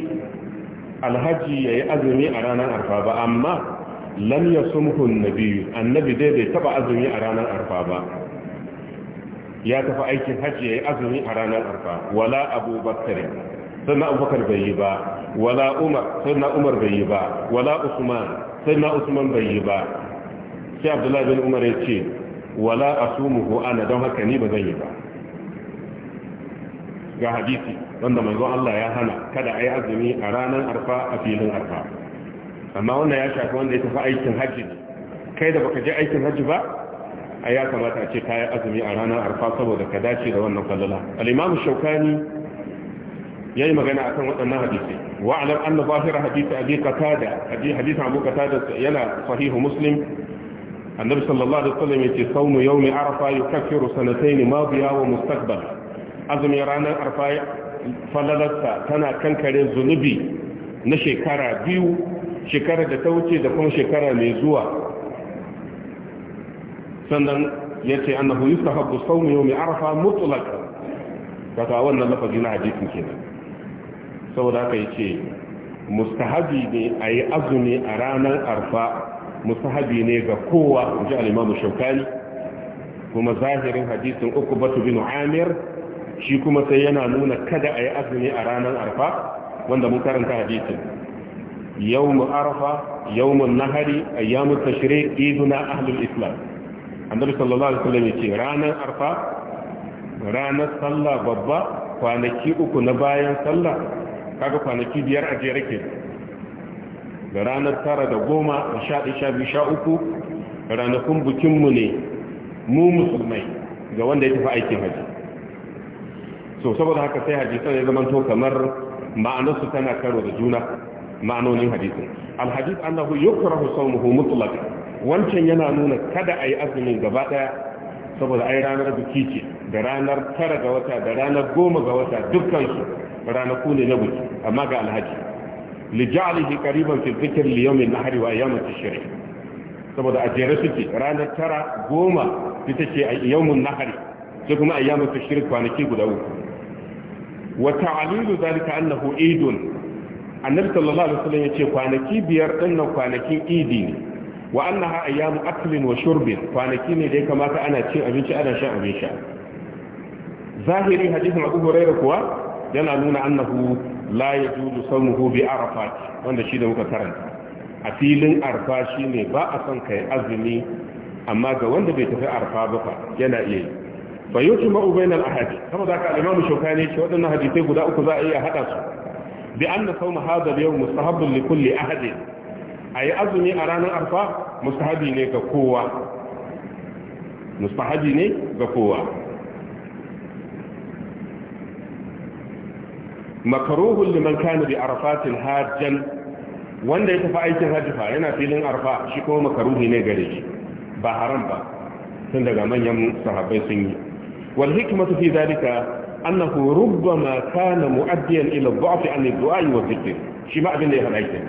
alhaji yayi azumi a ranar arfa ba amma lam yasumhu nabi annabi dai bai taba azumi a ranar arfa ba ya tafi aikin hajji ya yi azumi a ranar arfa wala abubakar sannan abubakar bai yi ba wala umar sannan umar bai yi ba wala usman sannan usman bai yi ba sai abdullahi bin umar ya ce wala asumuhu ana don haka ni ba zan yi ba ga hadisi wanda manzo Allah ya hana kada ayi azumi a ranar arfa a filin arfa amma wannan ya shafi wanda ya tafi aikin hajji ne kai da baka je aikin hajji ba a ya kamata a ce kayi azumi a ranar arfa saboda ka dace da wannan falala al-imam ya yi magana akan waɗannan hadisi wa alam anna zahira hadisi abi qatada hadisi abu qatada yana sahihu muslim annabi sallallahu alaihi wasallam yace sawmu yawmi arafa yukaffiru sanatayn madiya wa mustaqbal azumi ranar arfa falalarsa tana kankare zunubi na shekara biyu shekarar da ta wuce da kuma shekara mai zuwa sannan ya ce annahu yustahabbu sawmu yawmi arafa ta a wannan lafazi na hadisin kenan saboda haka yace mustahabi ne yi azumi a ranar arfa mustahabi ne ga kowa inji al-imamu shaukani kuma zahirin hadisin ukubatu bin amir shi kuma sai yana nuna kada a yi azumi a ranar arfa wanda mun karanta hadisin yawmu arfa yawmun nahari ayyamu tashrik iduna ahlul islam annabi sallallahu alaihi wasallam yace ranar arfa ranar sallah babba kwanaki uku na bayan sallah kaga kwanaki biyar a jere da ranar tara da goma da sha ɗaya sha biyu sha uku ranakun bikinmu ne mu musulmai ga wanda ya tafi aikin haji so saboda haka sai haji ya zama kamar ma'anarsu tana karo da juna ma'anonin hadisin alhadis annahu yukrahu sawmuhu mutlaqan wancan yana nuna kada ayi azumin gaba daya saboda ai ranar biki ce da ranar tara ga wata da ranar goma ga wata dukkan su ranaku ne na biki amma ga alhaji ja'alihi qariban fi dhikr li yawmi an-nahri wa ayyam at-tashrik saboda a jere suke ranar tara goma ita ce yawmun nahari sai kuma ayyam at-tashrik kwanaki guda uku wa ta'alilu zalika annahu idun annabi sallallahu alaihi wasallam yace kwanaki biyar dinnan kwanakin idi ne wa annaha ayyamu aklin wa shurbin kwanaki ne da ya kamata ana cin abinci ana shan abin sha zahiri hadisin Abu Hurairah kuwa yana nuna annahu la yajuzu sawmuhu bi arafat wanda shi da muka karanta a filin arfa shine ba a son kai azumi amma ga wanda bai tafi arfa ba fa yana iya yi fa yutu ma ubainal ahadi saboda haka al-imam shokani ce waɗannan hadisai guda uku za a iya haɗa su bi anna sawma hadha al-yawm mustahabbun li kulli ahad ayi azumi a ranar arfa mustahabi ne ga kowa mustahabi ne ga kowa makaruhun liman kana bi arfatin hajjan wanda ya tafi aikin hajji fa yana filin arfa shi kuma makaruhi ne gare shi ba haram ba tun daga manyan sahabbai sun yi wal hikmatu fi zalika annahu rubbama kana mu'addiyan ila dha'fi an ad-du'a wa dhikr shi ma abin da ya faɗa yake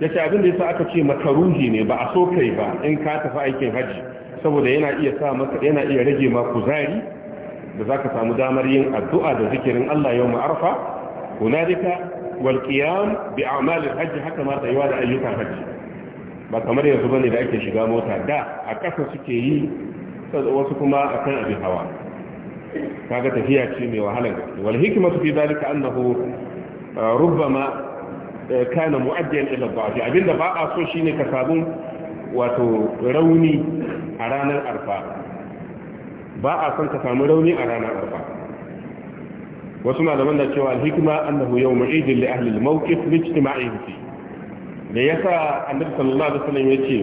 yace abin da yasa aka ce makaruhi ne ba a so kai ba in ka tafi aikin hajji saboda yana iya sa maka yana iya rage ma kuzari da zaka samu damar yin addu'a da zikirin Allah yawm arfa hunalika wal qiyam bi hajji haka ma tsayuwa da ayyukan hajji ba kamar yanzu bane da ake shiga mota da a kasa suke yi wasu kuma akan abin hawa kaga tafiya ce mai wahalar gaske wal hikmatu fi zalika annahu uh, rubbama uh, kana mu'addiyan ila dha'fi abinda ba a so shine ka samu wato rauni a ranar arfa ba a son ka samu rauni a ranar arfa wasu na da cewa al-hikma annahu yawm idin li ahli al-mawqif li ijtima'ihim fi da yasa annabi sallallahu alaihi wasallam yace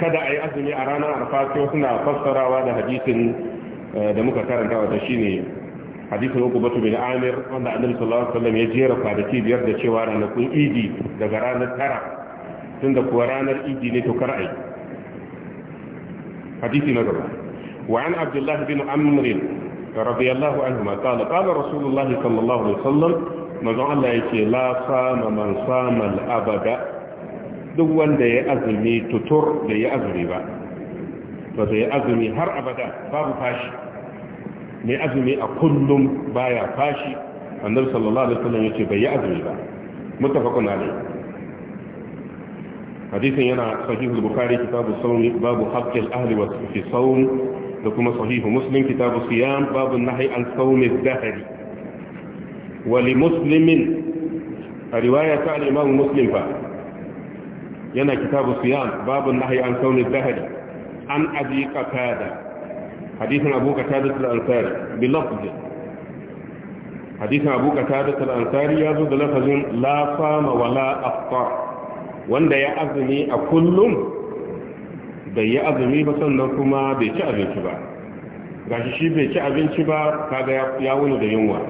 kada ayi azumi a ranar arfa sai suna fassarawa da hadisin da muka karanta wata shine hadisin uku batu bin amir wanda annabi sallallahu alaihi wasallam ya jera kwanaki biyar da cewa ranakun idi daga ranar tara da kuwa ranar idi ne to kar'ai hadisi na gaba wa an abdullah bin amr radiyallahu anhu ma qala qala rasulullah sallallahu alaihi wasallam manzon Allah yake la sama man sama al abada duk wanda ya azumi tutur da ya azumi ba wato ya azumi har abada babu fashi mai azumi a kullum baya fashi annabi sallallahu alaihi wasallam yace bai yi azumi ba muttafaqun alaihi hadisin yana sahihul bukhari kitabu sawm babu haqqil ahli wa fi sawm da kuma sahihu muslim kitabu siyam babu nahyi an sawm az-dahri wa li muslimin a riwaya ta al-imam muslim fa yana kitabu siyam babu nahyi an sawm az-dahri an abi qatada hadithin abu qatada al-ansari bi lafzi hadithin abu qatada al-ansari ya zo da lafazin la fama wala afṭar wanda ya azumi a kullum bai yi azumi ba sannan kuma bai ci abinci ba Ga shi shi bai ci abinci ba kaga ya wuni da yunwa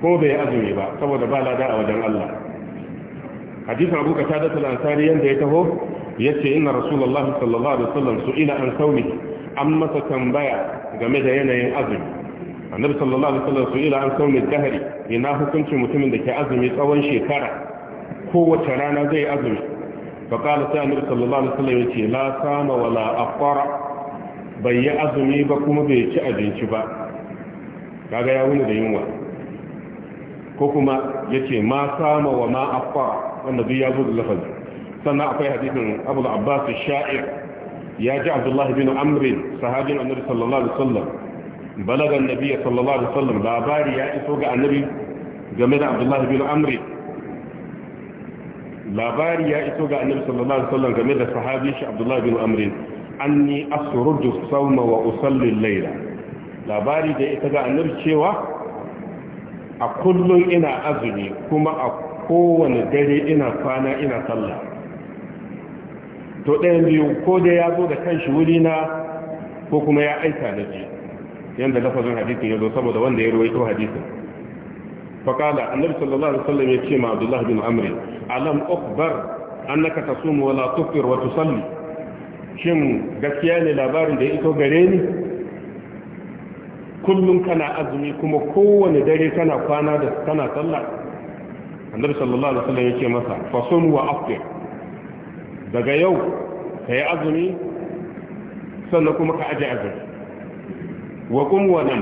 ko bai yi azumi ba saboda ba lada a wajen Allah hadisin abu qatada al-ansari yanda ya taho Ya yace inna rasulullahi sallallahu alaihi wasallam su ila an sauni an masa tambaya game da yanayin azumi annabi sallallahu alaihi wasallam su ila an sauni dahari ina hukuncin mutumin da ke azumi tsawon shekara ko kowace rana zai azumi fa qala sai annabi sallallahu alaihi wasallam yace la sama wala afara bai yi azumi ba kuma bai ci abinci ba kaga ya wuni da yunwa ko kuma yace ma sama wa ma afara wanda duk ya zo da lafazi sannan akwai hadisin abul abbas sha'ir ya ji abdullahi bin amrin sahabin annabi sallallahu alaihi wasallam balagan nabi sallallahu alaihi wasallam labari ya iso ga annabi game da abdullahi bin amrin labari ya iso ga annabi sallallahu alaihi wasallam game da sahabi shi abdullahi bin amrin anni asrudu sawma wa usalli al-layla labari da ita ga annabi cewa a kullum ina azumi kuma a kowane dare ina kwana ina sallah to ɗayan biyu ko dai ya zo da kanshi wuri na ko kuma ya aika na ji yanda lafazin hadisin ya zo saboda wanda ya ruwaito hadisin faƙala annabi sallallahu alaihi wasallam ya ce ma Abdullahi bin amri alam ukhbar annaka tasumu wala tufṭir wa tusalli shin gaskiya ne labarin da ya ito gare ni kullum kana azumi kuma kowane dare kana kwana da kana sallah annabi sallallahu alaihi wasallam ya ce masa fasum wa afṭir daga yau ka yi azumi sannan kuma ka aji azumi wa kum wa nan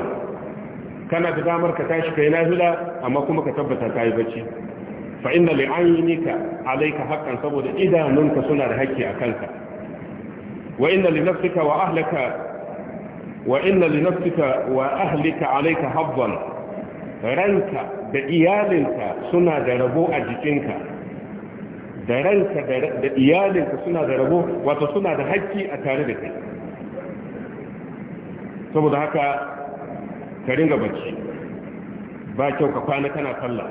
kana da damar ka tashi ka yi nafila amma kuma ka tabbata ka yi bacci fa inna li aynika alayka haqqan saboda idanunka suna da haƙƙi a kanka wa inna li nafsika wa ahlaka wa inna li nafsika wa ahlika alayka habban ranka da iyalinka suna da rabo a jikinka da ranka da iyalinka suna da rabo wato suna da hakki a tare da kai saboda haka ka ringa bacci ba kyau ka kwana kana sallah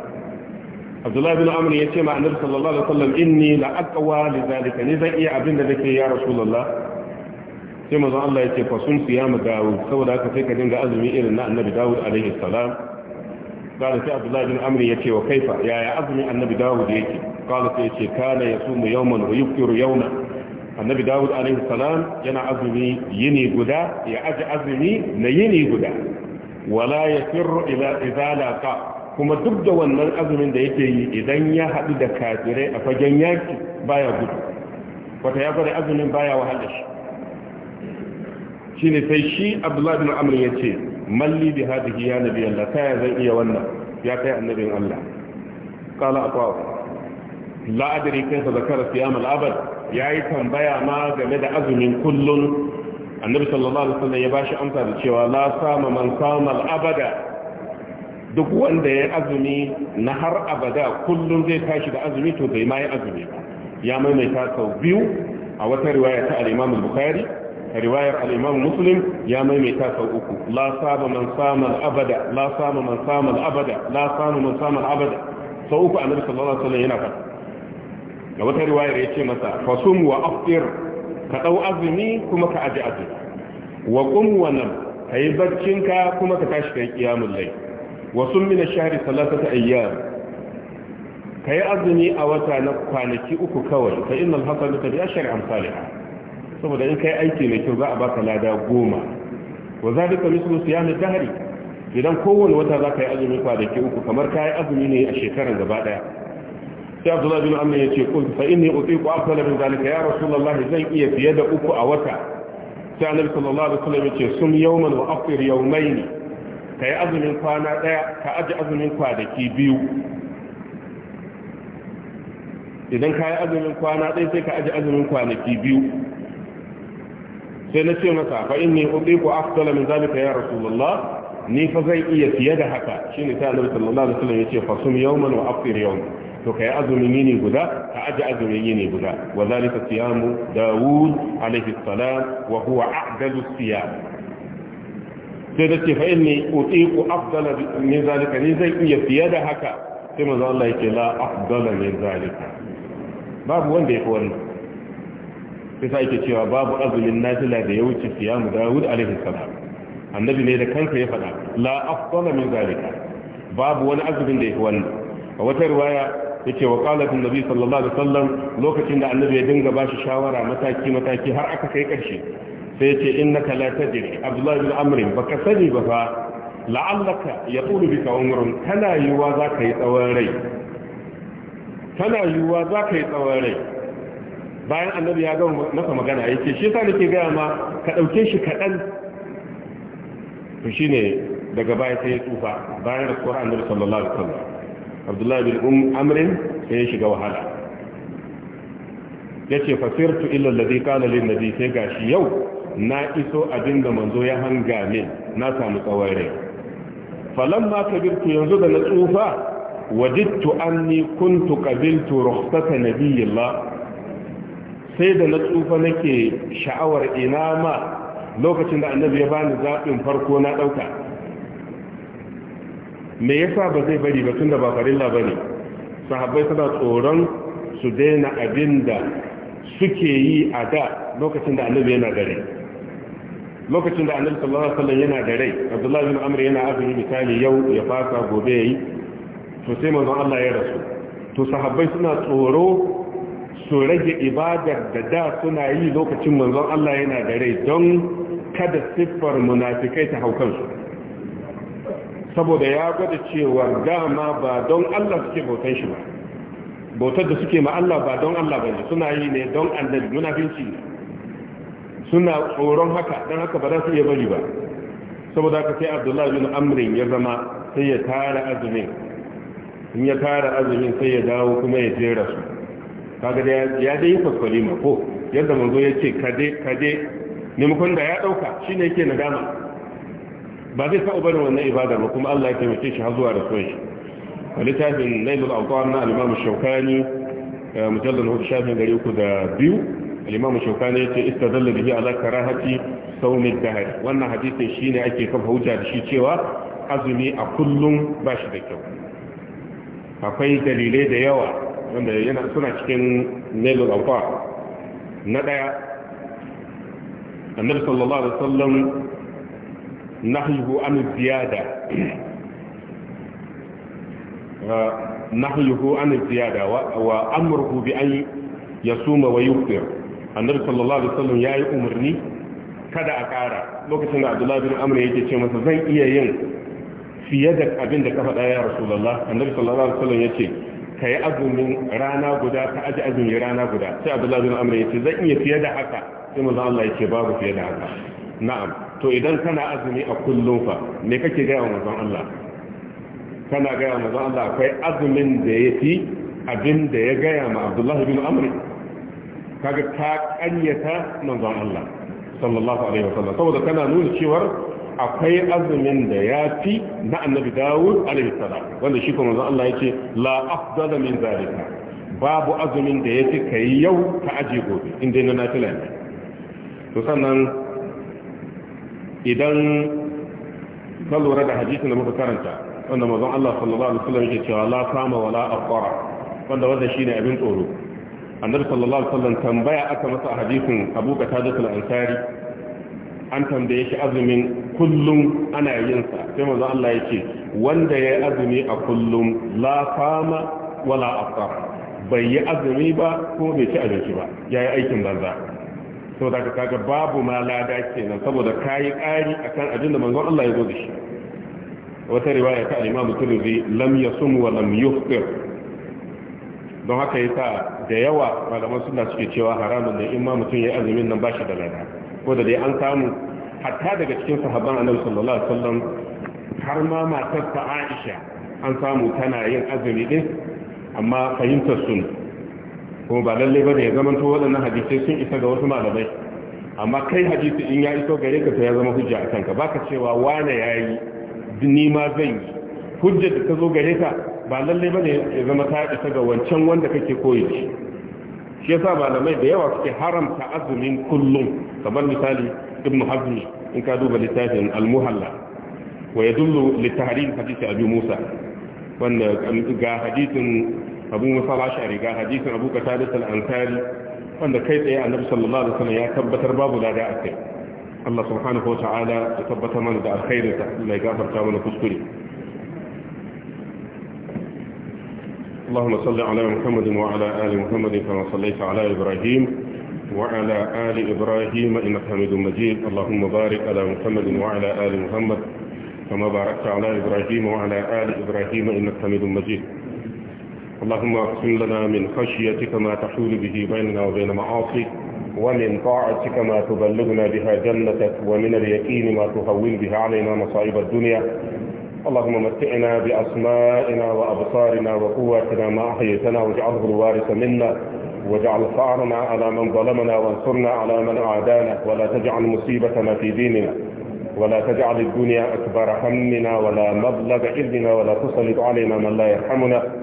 abdullahi bin amr ya ce ma annabi sallallahu alaihi wasallam inni la aqwa li zalika ni zan iya abin da nake ya rasulullah sai manzo Allah ya ce fa sun siyama dawud saboda haka sai ka dinga azumi irin na annabi dawud alaihi salam kada sai abdullahi bin amr ya ce wa kaifa yaya azumi annabi dawud yake قال سيتي كان يصوم يوما ويفطر يوما annabi dawud alaihi salam yana azumi yini guda ya aji azumi na yini guda wala ya firru ila izalaka kuma duk da wannan azumin da yake yi idan ya haɗu da kafirai a fagen yaki baya gudu wata ya gwada azumin baya wahala shi shine sai shi abdullahi bin amr ya ce malli bi hadhihi ya nabi allah ta ya zan iya wannan ya kai annabin allah qala aqwa La'adari adri kaifa zakara siyam al-abad yayi tambaya ma game da azumin kullun annabi sallallahu alaihi wasallam ya bashi amsa da cewa la sama man sama al-abada duk wanda ya azumi na har abada kullun zai tashi da azumi to bai ma ya azumi ba ya maimaita sau biyu a wata riwaya ta al-imam al-bukhari riwayar al-imam muslim ya maimaita sau uku la sama man sama al-abada la sama man sama al-abada la sama man sama al-abada sau uku annabi sallallahu alaihi wasallam yana faɗa ga wata riwayar ya ce masa fasum wa aftir ka dau azumi kuma ka aji azumi wa qum wa nam ka yi kuma ka tashi kai qiyamul layl wa sum min ash-shahri thalathata ayyam ka yi azumi a wata na kwanaki uku kawai fa innal hasanata bi ashri amsalha saboda in kai aiki mai kyau za a baka lada goma wa zalika mislu siyam dahri idan kowane wata za ka yi azumi kwanaki uku kamar ka yi azumi ne a shekarar gaba daya sai abdullah bin amr ya ce kun fa inni utiqu afdal min zalika ya rasulullah zan iya fiye da uku a wata sai annabi sallallahu alaihi wasallam ya ce sum yawman wa afir yawmayn yi azumin kwana daya ka aji azumin kwanaki biyu idan ka yi azumin kwana ɗaya sai ka aji azumin kwanaki biyu sai na ce masa fa inni udiku afdala min zalika ya rasulullah ni fa zai iya fiye da haka shine sai annabi sallallahu alaihi wasallam yace fa sum yawman wa aftir yawman to ka yi azumin yini guda ka aji azumin yini guda wa zalika siyamu dawud alaihi salam wa huwa a'dalu siyam sai da ce fa inni utiqu afdala min zalika ni zai iya fiye da haka sai manzo Allah yake la afdala min zalika babu wanda yake wannan sai sai yake cewa babu azumin nafila da ya wuce siyamu dawud alayhi salam annabi ne da kanka ya faɗa la afdala min zalika babu wani azumin da yake wannan a wata riwaya yake wa qala an nabi sallallahu alaihi wasallam lokacin da annabi ya dinga bashi shawara mataki mataki har aka kai karshe sai yace innaka la tadri abdullah bin amr baka sani ba fa la'allaka yaqulu bika umrun kana yuwa zaka yi tsawon rai kana yuwa zaka yi tsawon rai bayan annabi ya ga masa magana yace shi yasa nake ga ma ka dauke shi kadan to shine daga baya sai ya tsufa bayan rasuwar annabi sallallahu alaihi wasallam abdullahi bin umm amrin sai ya shiga wahala ya ce fasirtu illal ladhi qala nabi sai gashi yau na iso abinda manzo ya hanga min na samu tsawon rai falamma kabirtu yanzu da na tsufa wajidtu anni kuntu qabiltu rukhsata nabiyillah sai da na tsufa nake sha'awar ina ma lokacin da annabi ya bani zaɓin farko na ɗauka me yasa ba zai bari ba tunda ba farilla bane sahabbai suna tsoron su daina abinda suke yi a da lokacin da annabi yana da rai lokacin da annabi sallallahu alaihi wasallam yana da rai abdullahi bin amr yana azumi misali yau ya fasa gobe yayi to sai manzon Allah ya rasu to sahabbai suna tsoro su rage ibadar da da suna yi lokacin manzon Allah yana da rai don kada siffar munafikai ta haukansu saboda ya gwada cewa dama ba don Allah suke bautan shi ba bautar da suke ma Allah ba don Allah ba suna yi ne don annabi binci suna tsoron haka don haka ba za su iya bari ba saboda ka sai Abdullahi bin Amrin ya zama sai ya tara azumin in ya tara azumin sai ya dawo kuma ya jera su kaga ya dai yi kwaskwari ma ko yadda manzo ya ce kaje kade ne da ya dauka shine yake nadama ba zai taɓa barin wannan ibada ba kuma Allah ya taimake shi har zuwa da shi Wani littafin lailul alqawar na al-imam shaukani eh, mujallal hudu shafin gari uku da biyu al-imam shaukani yace istadalla bihi ala karahati sawmi dahr wannan hadisin shine ake kafa hujja da shi cewa azumi a kullum ba shi da kyau akwai dalilai da yawa wanda yana suna cikin nailul alqawar na ɗaya. annabi sallallahu alaihi wasallam nahyuhu an ziyada nahyuhu an ziyada wa amruhu bi an yasuma wa yuftir annabi sallallahu alaihi wasallam yayi umarni kada a ƙara lokacin da Abdullahi bin Amr yake ce masa zan iya yin fiye da abin da ka faɗa ya Rasulullah annabi sallallahu alaihi wasallam yace kai azumin rana guda ka aji azumin rana guda sai Abdullahi bin Amr yace zan iya fiye da haka sai manzo Allah yace babu fiye da haka na'am to idan kana azumi a kullum fa me kake gaya wa manzon Allah kana gaya wa manzon Allah akwai azumin da ya fi abin da ya gaya ma Abdullah bin Amr kaga ta kanyata manzon Allah sallallahu alaihi wasallam saboda kana nuna cewa akwai azumin da ya fi na annabi Dawud alaihi salam wanda shi kuma manzon Allah yace la afdala min zalika babu azumin da ya fi kai yau ka aje gobe inda na tilani to sannan idan ka lura da hadisin da muka karanta wanda mazan Allah sallallahu alaihi wasallam yake cewa la kama wala afqara wanda wanda shine abin tsoro annabi sallallahu alaihi wasallam tambaya aka masa a hadisin Abu Qatada al-Ansari an tambaye shi azumin kullum ana yin sa sai mazan Allah yake wanda yayi azumi a kullum la kama wala afqara bai yi azumi ba ko bai ci abinci ba yayi aikin banza saboda da kaga babu ma lada kenan saboda kayi ƙari akan abin da manzon Allah ya zo da shi wata riwaya ta imam Tirmidhi lam yasum wa lam yuftir don haka yasa da yawa malaman suna suke cewa haramun ne in ma mutum ya azumin nan bashi da lada ko da dai an samu hatta daga cikin sahabban Annabi sallallahu alaihi wasallam har ma matar Aisha an samu tana yin azumi din amma fahimtar sunna kuma ba lalle ba ne ya to waɗannan hadisai sun isa ga wasu malamai amma kai hadisi in ya iso gare ka to ya zama hujja a kanka baka cewa wane ya yi ni ma zan yi hujja da ta zo gare ka ba lalle ba ne ya zama ta isa ga wancan wanda kake koyi shi shi yasa malamai da yawa suke haramta azumin kullum kamar misali ibn hazmi in ka duba littafin almuhalla, muhalla wa yadullu li tahrim hadisi abi musa wanda ga hadisin abu musa al-ash'ari riga hadisin abu qatada sal ansari wanda kai tsaye annabi sallallahu alaihi wasallam ya tabbatar babu lada a kai Allah subhanahu wa ta'ala ya tabbata mana da alkhairinsa Allah ya gafarta mana kuskure اللهم صل على محمد وعلى آل محمد كما صليت على إبراهيم وعلى آل إبراهيم إنك حميد مجيد اللهم بارك على محمد وعلى آل محمد كما باركت على إبراهيم وعلى آل إبراهيم إنك حميد مجيد اللهم اقسم لنا من خشيتك ما تحول به بيننا وبين معاصيك ومن طاعتك ما تبلغنا بها جنتك ومن اليقين ما تهون بها علينا مصائب الدنيا اللهم متعنا بأسمائنا وأبصارنا وقواتنا ما احييتنا واجعله الوارث منا واجعل ثارنا على من ظلمنا وانصرنا على من أعدانا ولا تجعل مصيبتنا في ديننا ولا تجعل الدنيا أكبر همنا ولا مبلغ علمنا ولا تسلط علينا من لا يرحمنا